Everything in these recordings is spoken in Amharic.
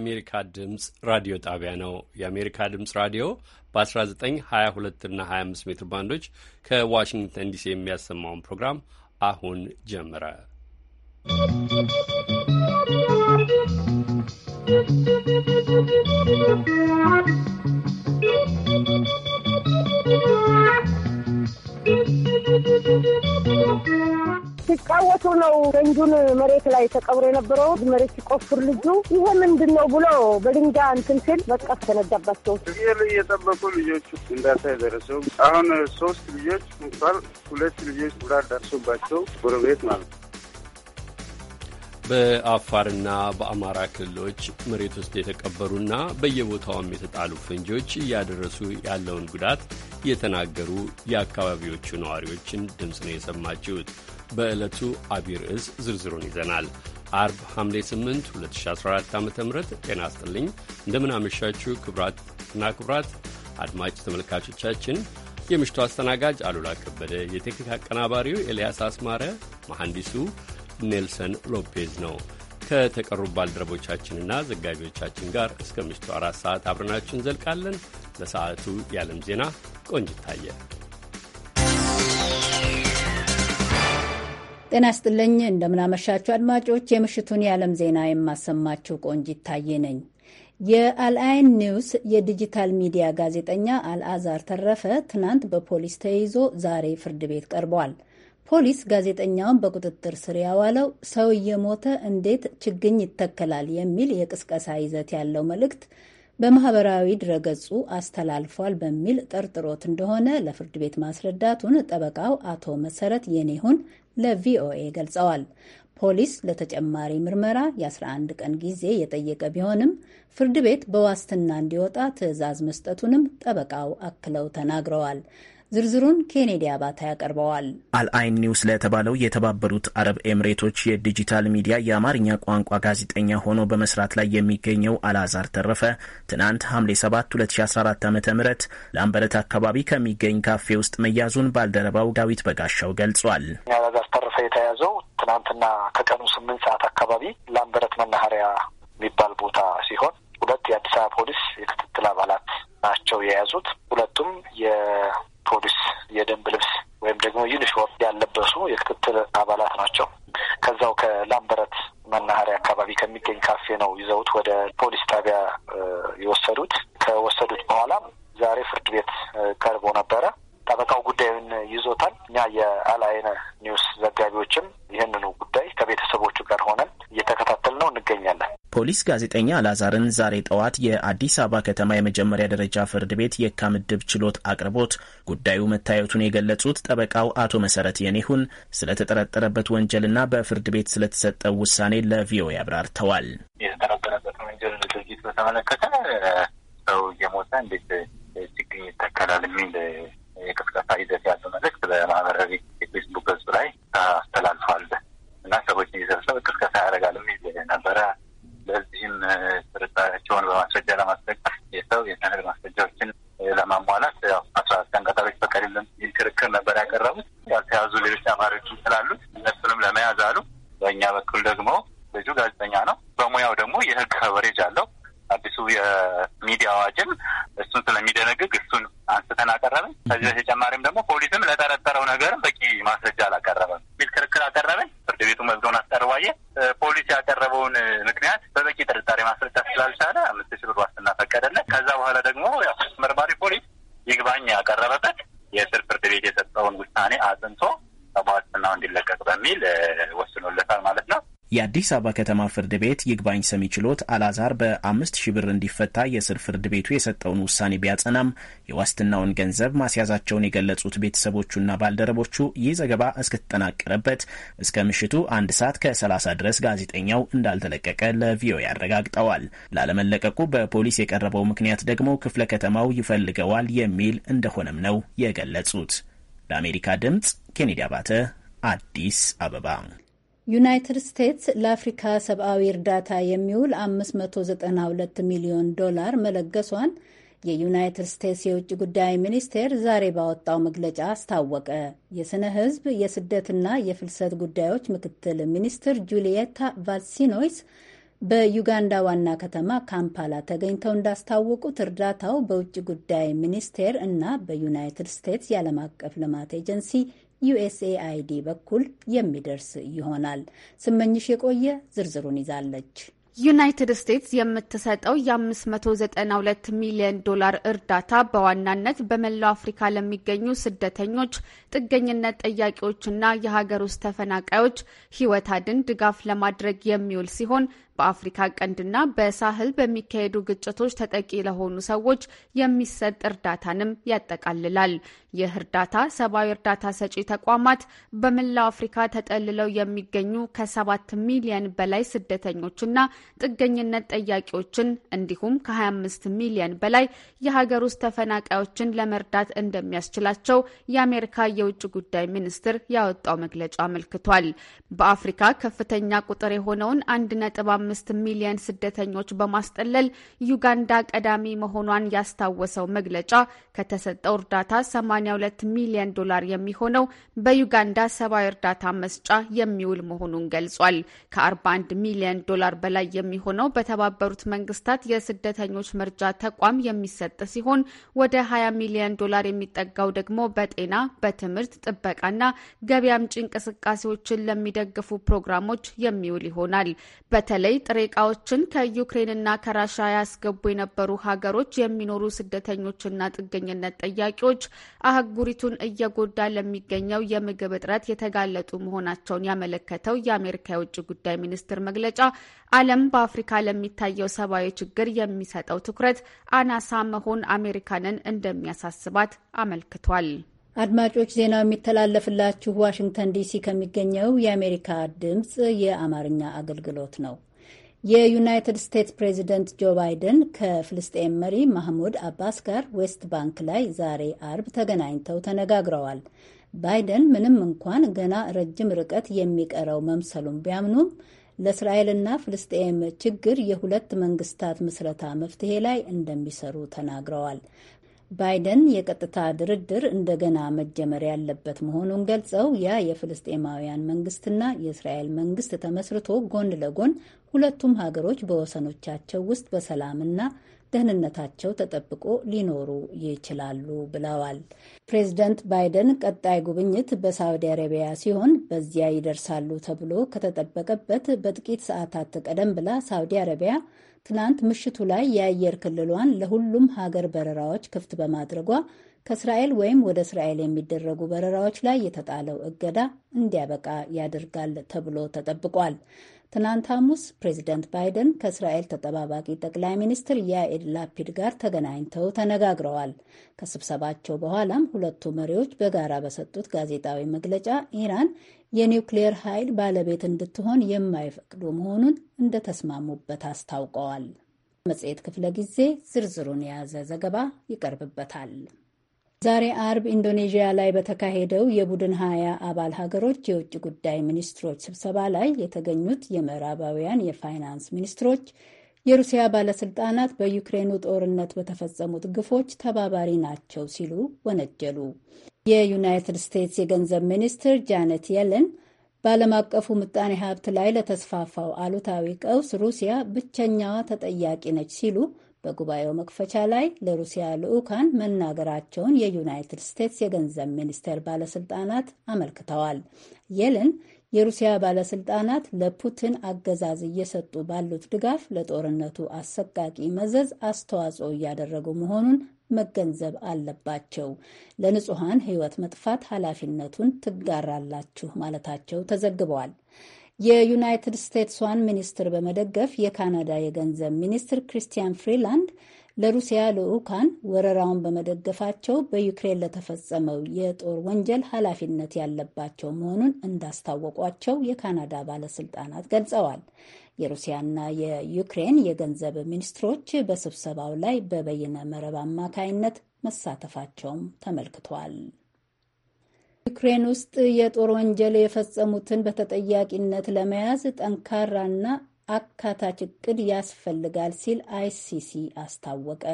የአሜሪካ ድምፅ ራዲዮ ጣቢያ ነው። የአሜሪካ ድምፅ ራዲዮ በ1922 እና 25 ሜትር ባንዶች ከዋሽንግተን ዲሲ የሚያሰማውን ፕሮግራም አሁን ጀመረ። ¶¶ ሲጫወቱ ነው ፈንጁን መሬት ላይ ተቀብሮ የነበረው መሬት ሲቆፍር ልጁ ይሄ ምንድን ነው ብሎ በድንጋ እንትን ሲል መቀፍ ተነዳባቸው። ፍየል እየጠበቁ ልጆቹ እንዳታ የደረሰው አሁን ሶስት ልጆች እንኳን ሁለት ልጆች ጉዳት ደርሶባቸው ጎረቤት ማለት ነው። በአፋርና በአማራ ክልሎች መሬት ውስጥ የተቀበሩና በየቦታውም የተጣሉ ፈንጂዎች እያደረሱ ያለውን ጉዳት የተናገሩ የአካባቢዎቹ ነዋሪዎችን ድምፅ ነው የሰማችሁት። በዕለቱ አቢይ ርዕስ ዝርዝሩን ይዘናል። አርብ ሐምሌ 8 2014 ዓ ም ጤና ይስጥልኝ። እንደምናመሻችሁ ክቡራትና ክቡራት አድማጭ ተመልካቾቻችን የምሽቱ አስተናጋጅ አሉላ ከበደ፣ የቴክኒክ አቀናባሪው ኤልያስ አስማረ፣ መሐንዲሱ ኔልሰን ሎፔዝ ነው። ከተቀሩ ባልደረቦቻችንና ዘጋቢዎቻችን ጋር እስከ ምሽቱ አራት ሰዓት አብረናችሁ እንዘልቃለን። ለሰዓቱ የዓለም ዜና ቆንጅታየ ጤና ይስጥልኝ እንደምናመሻችሁ አድማጮች፣ የምሽቱን የዓለም ዜና የማሰማችሁ ቆንጅ ታዬ ነኝ። የአልአይን ኒውስ የዲጂታል ሚዲያ ጋዜጠኛ አልአዛር ተረፈ ትናንት በፖሊስ ተይዞ ዛሬ ፍርድ ቤት ቀርቧል። ፖሊስ ጋዜጠኛውን በቁጥጥር ስር ያዋለው ሰው እየሞተ እንዴት ችግኝ ይተከላል የሚል የቅስቀሳ ይዘት ያለው መልእክት በማህበራዊ ድረገጹ አስተላልፏል በሚል ጠርጥሮት እንደሆነ ለፍርድ ቤት ማስረዳቱን ጠበቃው አቶ መሰረት የኔሁን ለቪኦኤ ገልጸዋል። ፖሊስ ለተጨማሪ ምርመራ የ11 ቀን ጊዜ የጠየቀ ቢሆንም ፍርድ ቤት በዋስትና እንዲወጣ ትዕዛዝ መስጠቱንም ጠበቃው አክለው ተናግረዋል። ዝርዝሩን ኬኔዲ አባታ ያቀርበዋል። አልአይን ኒውስ ለተባለው የተባበሩት አረብ ኤምሬቶች የዲጂታል ሚዲያ የአማርኛ ቋንቋ ጋዜጠኛ ሆኖ በመስራት ላይ የሚገኘው አልአዛር ተረፈ ትናንት ሐምሌ 7 2014 ዓ ም ላምበረት አካባቢ ከሚገኝ ካፌ ውስጥ መያዙን ባልደረባው ዳዊት በጋሻው ገልጿል። አልአዛር ተረፈ የተያዘው ትናንትና ከቀኑ ስምንት ሰዓት አካባቢ ላምበረት መናኸሪያ የሚባል ቦታ ሲሆን ሁለት የአዲስ አበባ ፖሊስ የክትትል አባላት ናቸው የያዙት። ሁለቱም ፖሊስ የደንብ ልብስ ወይም ደግሞ ዩኒፎርም ያለበሱ የክትትል አባላት ናቸው። ከዛው ከላምበረት መናኸሪያ አካባቢ ከሚገኝ ካፌ ነው ይዘውት ወደ ፖሊስ ጣቢያ የወሰዱት። ከወሰዱት በኋላ ዛሬ ፍርድ ቤት ቀርቦ ነበረ። ጠበቃው ጉዳዩን ይዞታል። እኛ የአልአይነ ኒውስ ዘጋቢዎችም ይህንኑ ጉዳይ ከቤተሰቦቹ ጋር ሆነን እየተከታተል ነው እንገኛለን። ፖሊስ ጋዜጠኛ አላዛርን ዛሬ ጠዋት የአዲስ አበባ ከተማ የመጀመሪያ ደረጃ ፍርድ ቤት የካ ምድብ ችሎት አቅርቦት ጉዳዩ መታየቱን የገለጹት ጠበቃው አቶ መሰረት የኔሁን ስለተጠረጠረበት ወንጀልና በፍርድ ቤት ስለተሰጠው ውሳኔ ለቪኦኤ አብራርተዋል። የተጠረጠረበት ወንጀል ድርጊት በተመለከተ ሰው እየሞተ እንዴት ችግኝ ይተከላል የሚል የቅስቀሳ ይዘት ያለው መልእክት በማህበራዊ የፌስቡክ ገጹ ላይ አስተላልፏል እና ሰዎች እንዲሰብሰብ ቅስቀሳ ያረ የአዲስ አበባ ከተማ ፍርድ ቤት ይግባኝ ሰሚ ችሎት አላዛር በአምስት ሺ ብር እንዲፈታ የስር ፍርድ ቤቱ የሰጠውን ውሳኔ ቢያጸናም የዋስትናውን ገንዘብ ማስያዛቸውን የገለጹት ቤተሰቦቹና ባልደረቦቹ ይህ ዘገባ እስከተጠናቀረበት እስከ ምሽቱ አንድ ሰዓት ከ30 ድረስ ጋዜጠኛው እንዳልተለቀቀ ለቪኦኤ አረጋግጠዋል። ላለመለቀቁ በፖሊስ የቀረበው ምክንያት ደግሞ ክፍለ ከተማው ይፈልገዋል የሚል እንደሆነም ነው የገለጹት። ለአሜሪካ ድምፅ ኬኔዲ አባተ አዲስ አበባ። ዩናይትድ ስቴትስ ለአፍሪካ ሰብአዊ እርዳታ የሚውል 592 ሚሊዮን ዶላር መለገሷን የዩናይትድ ስቴትስ የውጭ ጉዳይ ሚኒስቴር ዛሬ ባወጣው መግለጫ አስታወቀ። የሥነ ሕዝብ የስደትና የፍልሰት ጉዳዮች ምክትል ሚኒስትር ጁልየታ ቫልሲኖይስ በዩጋንዳ ዋና ከተማ ካምፓላ ተገኝተው እንዳስታወቁት እርዳታው በውጭ ጉዳይ ሚኒስቴር እና በዩናይትድ ስቴትስ የዓለም አቀፍ ልማት ኤጀንሲ ዩኤስኤአይዲ በኩል የሚደርስ ይሆናል። ስመኝሽ የቆየ ዝርዝሩን ይዛለች። ዩናይትድ ስቴትስ የምትሰጠው የ592 ሚሊዮን ዶላር እርዳታ በዋናነት በመላው አፍሪካ ለሚገኙ ስደተኞች፣ ጥገኝነት ጠያቂዎችና የሀገር ውስጥ ተፈናቃዮች ሕይወት አድን ድጋፍ ለማድረግ የሚውል ሲሆን በአፍሪካ ቀንድና በሳህል በሚካሄዱ ግጭቶች ተጠቂ ለሆኑ ሰዎች የሚሰጥ እርዳታንም ያጠቃልላል። ይህ እርዳታ ሰብአዊ እርዳታ ሰጪ ተቋማት በመላው አፍሪካ ተጠልለው የሚገኙ ከሰባት ሚሊየን በላይ ስደተኞችና ጥገኝነት ጠያቂዎችን እንዲሁም ከ25 ሚሊየን በላይ የሀገር ውስጥ ተፈናቃዮችን ለመርዳት እንደሚያስችላቸው የአሜሪካ የውጭ ጉዳይ ሚኒስትር ያወጣው መግለጫ አመልክቷል። በአፍሪካ ከፍተኛ ቁጥር የሆነውን አንድ ነጥብ አምስት ሚሊየን ስደተኞች በማስጠለል ዩጋንዳ ቀዳሚ መሆኗን ያስታወሰው መግለጫ ከተሰጠው እርዳታ 82 ሚሊየን ዶላር የሚሆነው በዩጋንዳ ሰብአዊ እርዳታ መስጫ የሚውል መሆኑን ገልጿል። ከ41 ሚሊየን ዶላር በላይ የሚሆነው በተባበሩት መንግስታት የስደተኞች መርጃ ተቋም የሚሰጥ ሲሆን ወደ 20 ሚሊዮን ዶላር የሚጠጋው ደግሞ በጤና፣ በትምህርት ጥበቃና ገቢ አምጪ እንቅስቃሴዎችን ለሚደግፉ ፕሮግራሞች የሚውል ይሆናል። በተለይ በተለይ ጥሬ እቃዎችን ከዩክሬንና ከራሻ ያስገቡ የነበሩ ሀገሮች የሚኖሩ ስደተኞችና ጥገኝነት ጠያቂዎች አህጉሪቱን እየጎዳ ለሚገኘው የምግብ እጥረት የተጋለጡ መሆናቸውን ያመለከተው የአሜሪካ የውጭ ጉዳይ ሚኒስቴር መግለጫ ዓለም በአፍሪካ ለሚታየው ሰብአዊ ችግር የሚሰጠው ትኩረት አናሳ መሆን አሜሪካንን እንደሚያሳስባት አመልክቷል። አድማጮች ዜናው የሚተላለፍላችሁ ዋሽንግተን ዲሲ ከሚገኘው የአሜሪካ ድምፅ የአማርኛ አገልግሎት ነው። የዩናይትድ ስቴትስ ፕሬዚደንት ጆ ባይደን ከፍልስጤም መሪ ማህሙድ አባስ ጋር ዌስት ባንክ ላይ ዛሬ አርብ ተገናኝተው ተነጋግረዋል። ባይደን ምንም እንኳን ገና ረጅም ርቀት የሚቀረው መምሰሉን ቢያምኑም ለእስራኤልና ፍልስጤም ችግር የሁለት መንግስታት ምስረታ መፍትሄ ላይ እንደሚሰሩ ተናግረዋል። ባይደን የቀጥታ ድርድር እንደገና መጀመር ያለበት መሆኑን ገልጸው ያ የፍልስጤማውያን መንግስትና የእስራኤል መንግስት ተመስርቶ ጎን ለጎን ሁለቱም ሀገሮች በወሰኖቻቸው ውስጥ በሰላምና ደህንነታቸው ተጠብቆ ሊኖሩ ይችላሉ ብለዋል። ፕሬዚደንት ባይደን ቀጣይ ጉብኝት በሳውዲ አረቢያ ሲሆን በዚያ ይደርሳሉ ተብሎ ከተጠበቀበት በጥቂት ሰዓታት ቀደም ብላ ሳውዲ አረቢያ ትናንት ምሽቱ ላይ የአየር ክልሏን ለሁሉም ሀገር በረራዎች ክፍት በማድረጓ ከእስራኤል ወይም ወደ እስራኤል የሚደረጉ በረራዎች ላይ የተጣለው እገዳ እንዲያበቃ ያደርጋል ተብሎ ተጠብቋል። ትናንት ሐሙስ ፕሬዚደንት ባይደን ከእስራኤል ተጠባባቂ ጠቅላይ ሚኒስትር ያኤድ ላፒድ ጋር ተገናኝተው ተነጋግረዋል። ከስብሰባቸው በኋላም ሁለቱ መሪዎች በጋራ በሰጡት ጋዜጣዊ መግለጫ ኢራን የኒውክሌየር ኃይል ባለቤት እንድትሆን የማይፈቅዱ መሆኑን እንደተስማሙበት አስታውቀዋል። መጽሔት ክፍለ ጊዜ ዝርዝሩን የያዘ ዘገባ ይቀርብበታል። ዛሬ አርብ ኢንዶኔዥያ ላይ በተካሄደው የቡድን ሀያ አባል ሀገሮች የውጭ ጉዳይ ሚኒስትሮች ስብሰባ ላይ የተገኙት የምዕራባውያን የፋይናንስ ሚኒስትሮች የሩሲያ ባለስልጣናት በዩክሬኑ ጦርነት በተፈጸሙት ግፎች ተባባሪ ናቸው ሲሉ ወነጀሉ። የዩናይትድ ስቴትስ የገንዘብ ሚኒስትር ጃነት የለን በዓለም አቀፉ ምጣኔ ሀብት ላይ ለተስፋፋው አሉታዊ ቀውስ ሩሲያ ብቸኛዋ ተጠያቂ ነች ሲሉ በጉባኤው መክፈቻ ላይ ለሩሲያ ልዑካን መናገራቸውን የዩናይትድ ስቴትስ የገንዘብ ሚኒስቴር ባለስልጣናት አመልክተዋል። የለን የሩሲያ ባለስልጣናት ለፑቲን አገዛዝ እየሰጡ ባሉት ድጋፍ ለጦርነቱ አሰቃቂ መዘዝ አስተዋጽኦ እያደረጉ መሆኑን መገንዘብ አለባቸው፣ ለንጹሐን ሕይወት መጥፋት ኃላፊነቱን ትጋራላችሁ ማለታቸው ተዘግበዋል። የዩናይትድ ስቴትስዋን ሚኒስትር በመደገፍ የካናዳ የገንዘብ ሚኒስትር ክሪስቲያን ፍሪላንድ ለሩሲያ ልዑካን ወረራውን በመደገፋቸው በዩክሬን ለተፈጸመው የጦር ወንጀል ኃላፊነት ያለባቸው መሆኑን እንዳስታወቋቸው የካናዳ ባለስልጣናት ገልጸዋል። የሩሲያና የዩክሬን የገንዘብ ሚኒስትሮች በስብሰባው ላይ በበይነ መረብ አማካይነት መሳተፋቸውም ተመልክቷል። ዩክሬን ውስጥ የጦር ወንጀል የፈጸሙትን በተጠያቂነት ለመያዝ ጠንካራና አካታች እቅድ ያስፈልጋል ሲል አይሲሲ አስታወቀ።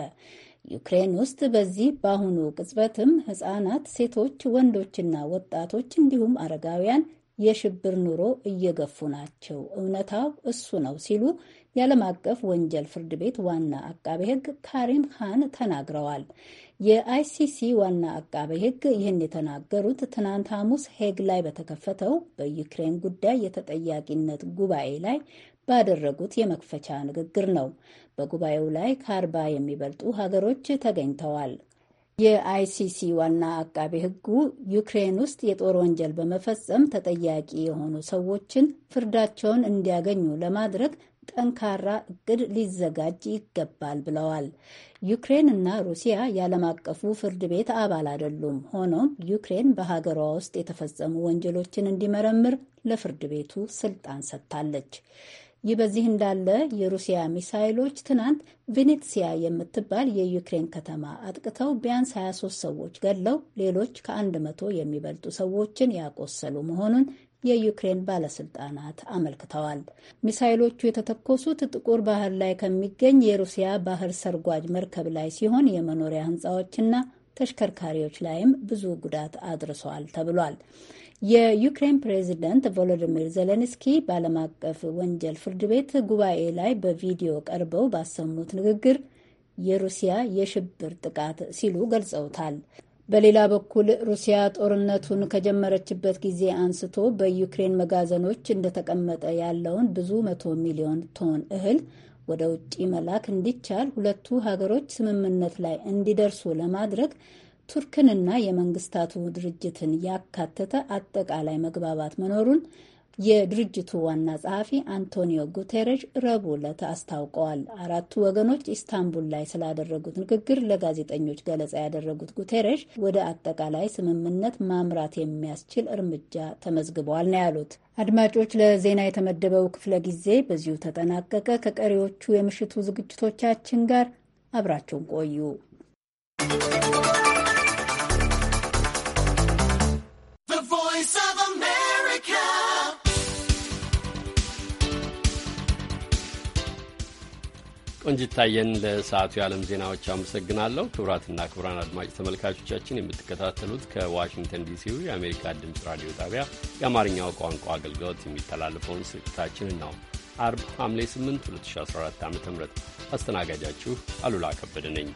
ዩክሬን ውስጥ በዚህ በአሁኑ ቅጽበትም ሕጻናት፣ ሴቶች፣ ወንዶችና ወጣቶች እንዲሁም አረጋውያን የሽብር ኑሮ እየገፉ ናቸው። እውነታው እሱ ነው ሲሉ የዓለም አቀፍ ወንጀል ፍርድ ቤት ዋና አቃቤ ሕግ ካሪም ካን ተናግረዋል። የአይሲሲ ዋና አቃቤ ሕግ ይህን የተናገሩት ትናንት ሐሙስ ሄግ ላይ በተከፈተው በዩክሬን ጉዳይ የተጠያቂነት ጉባኤ ላይ ባደረጉት የመክፈቻ ንግግር ነው። በጉባኤው ላይ ከአርባ የሚበልጡ ሀገሮች ተገኝተዋል። የአይሲሲ ዋና አቃቤ ሕጉ ዩክሬን ውስጥ የጦር ወንጀል በመፈጸም ተጠያቂ የሆኑ ሰዎችን ፍርዳቸውን እንዲያገኙ ለማድረግ ጠንካራ እቅድ ሊዘጋጅ ይገባል ብለዋል። ዩክሬን እና ሩሲያ የዓለም አቀፉ ፍርድ ቤት አባል አይደሉም። ሆኖም ዩክሬን በሀገሯ ውስጥ የተፈጸሙ ወንጀሎችን እንዲመረምር ለፍርድ ቤቱ ስልጣን ሰጥታለች። ይህ በዚህ እንዳለ የሩሲያ ሚሳይሎች ትናንት ቬኔትሲያ የምትባል የዩክሬን ከተማ አጥቅተው ቢያንስ 23 ሰዎች ገድለው ሌሎች ከአንድ መቶ የሚበልጡ ሰዎችን ያቆሰሉ መሆኑን የዩክሬን ባለስልጣናት አመልክተዋል። ሚሳይሎቹ የተተኮሱት ጥቁር ባህር ላይ ከሚገኝ የሩሲያ ባህር ሰርጓጅ መርከብ ላይ ሲሆን የመኖሪያ ህንፃዎችና ተሽከርካሪዎች ላይም ብዙ ጉዳት አድርሰዋል ተብሏል። የዩክሬን ፕሬዚደንት ቮሎዲሚር ዜሌንስኪ በዓለም አቀፍ ወንጀል ፍርድ ቤት ጉባኤ ላይ በቪዲዮ ቀርበው ባሰሙት ንግግር የሩሲያ የሽብር ጥቃት ሲሉ ገልጸውታል። በሌላ በኩል ሩሲያ ጦርነቱን ከጀመረችበት ጊዜ አንስቶ በዩክሬን መጋዘኖች እንደተቀመጠ ያለውን ብዙ መቶ ሚሊዮን ቶን እህል ወደ ውጭ መላክ እንዲቻል ሁለቱ ሀገሮች ስምምነት ላይ እንዲደርሱ ለማድረግ ቱርክንና የመንግስታቱ ድርጅትን ያካተተ አጠቃላይ መግባባት መኖሩን የድርጅቱ ዋና ጸሐፊ አንቶኒዮ ጉቴሬሽ ረቡዕ ዕለት አስታውቀዋል። አራቱ ወገኖች ኢስታንቡል ላይ ስላደረጉት ንግግር ለጋዜጠኞች ገለጻ ያደረጉት ጉቴሬሽ ወደ አጠቃላይ ስምምነት ማምራት የሚያስችል እርምጃ ተመዝግበዋል ነው ያሉት። አድማጮች፣ ለዜና የተመደበው ክፍለ ጊዜ በዚሁ ተጠናቀቀ። ከቀሪዎቹ የምሽቱ ዝግጅቶቻችን ጋር አብራችሁን ቆዩ። ቆንጅታየን ለሰዓቱ የዓለም ዜናዎች አመሰግናለሁ። ክቡራትና ክቡራን አድማጭ ተመልካቾቻችን የምትከታተሉት ከዋሽንግተን ዲሲው የአሜሪካ ድምፅ ራዲዮ ጣቢያ የአማርኛው ቋንቋ አገልግሎት የሚተላለፈውን ስርጭታችን ነው። አርብ ሐምሌ 8 2014 ዓ ም አስተናጋጃችሁ አሉላ ከበደ ነኝ።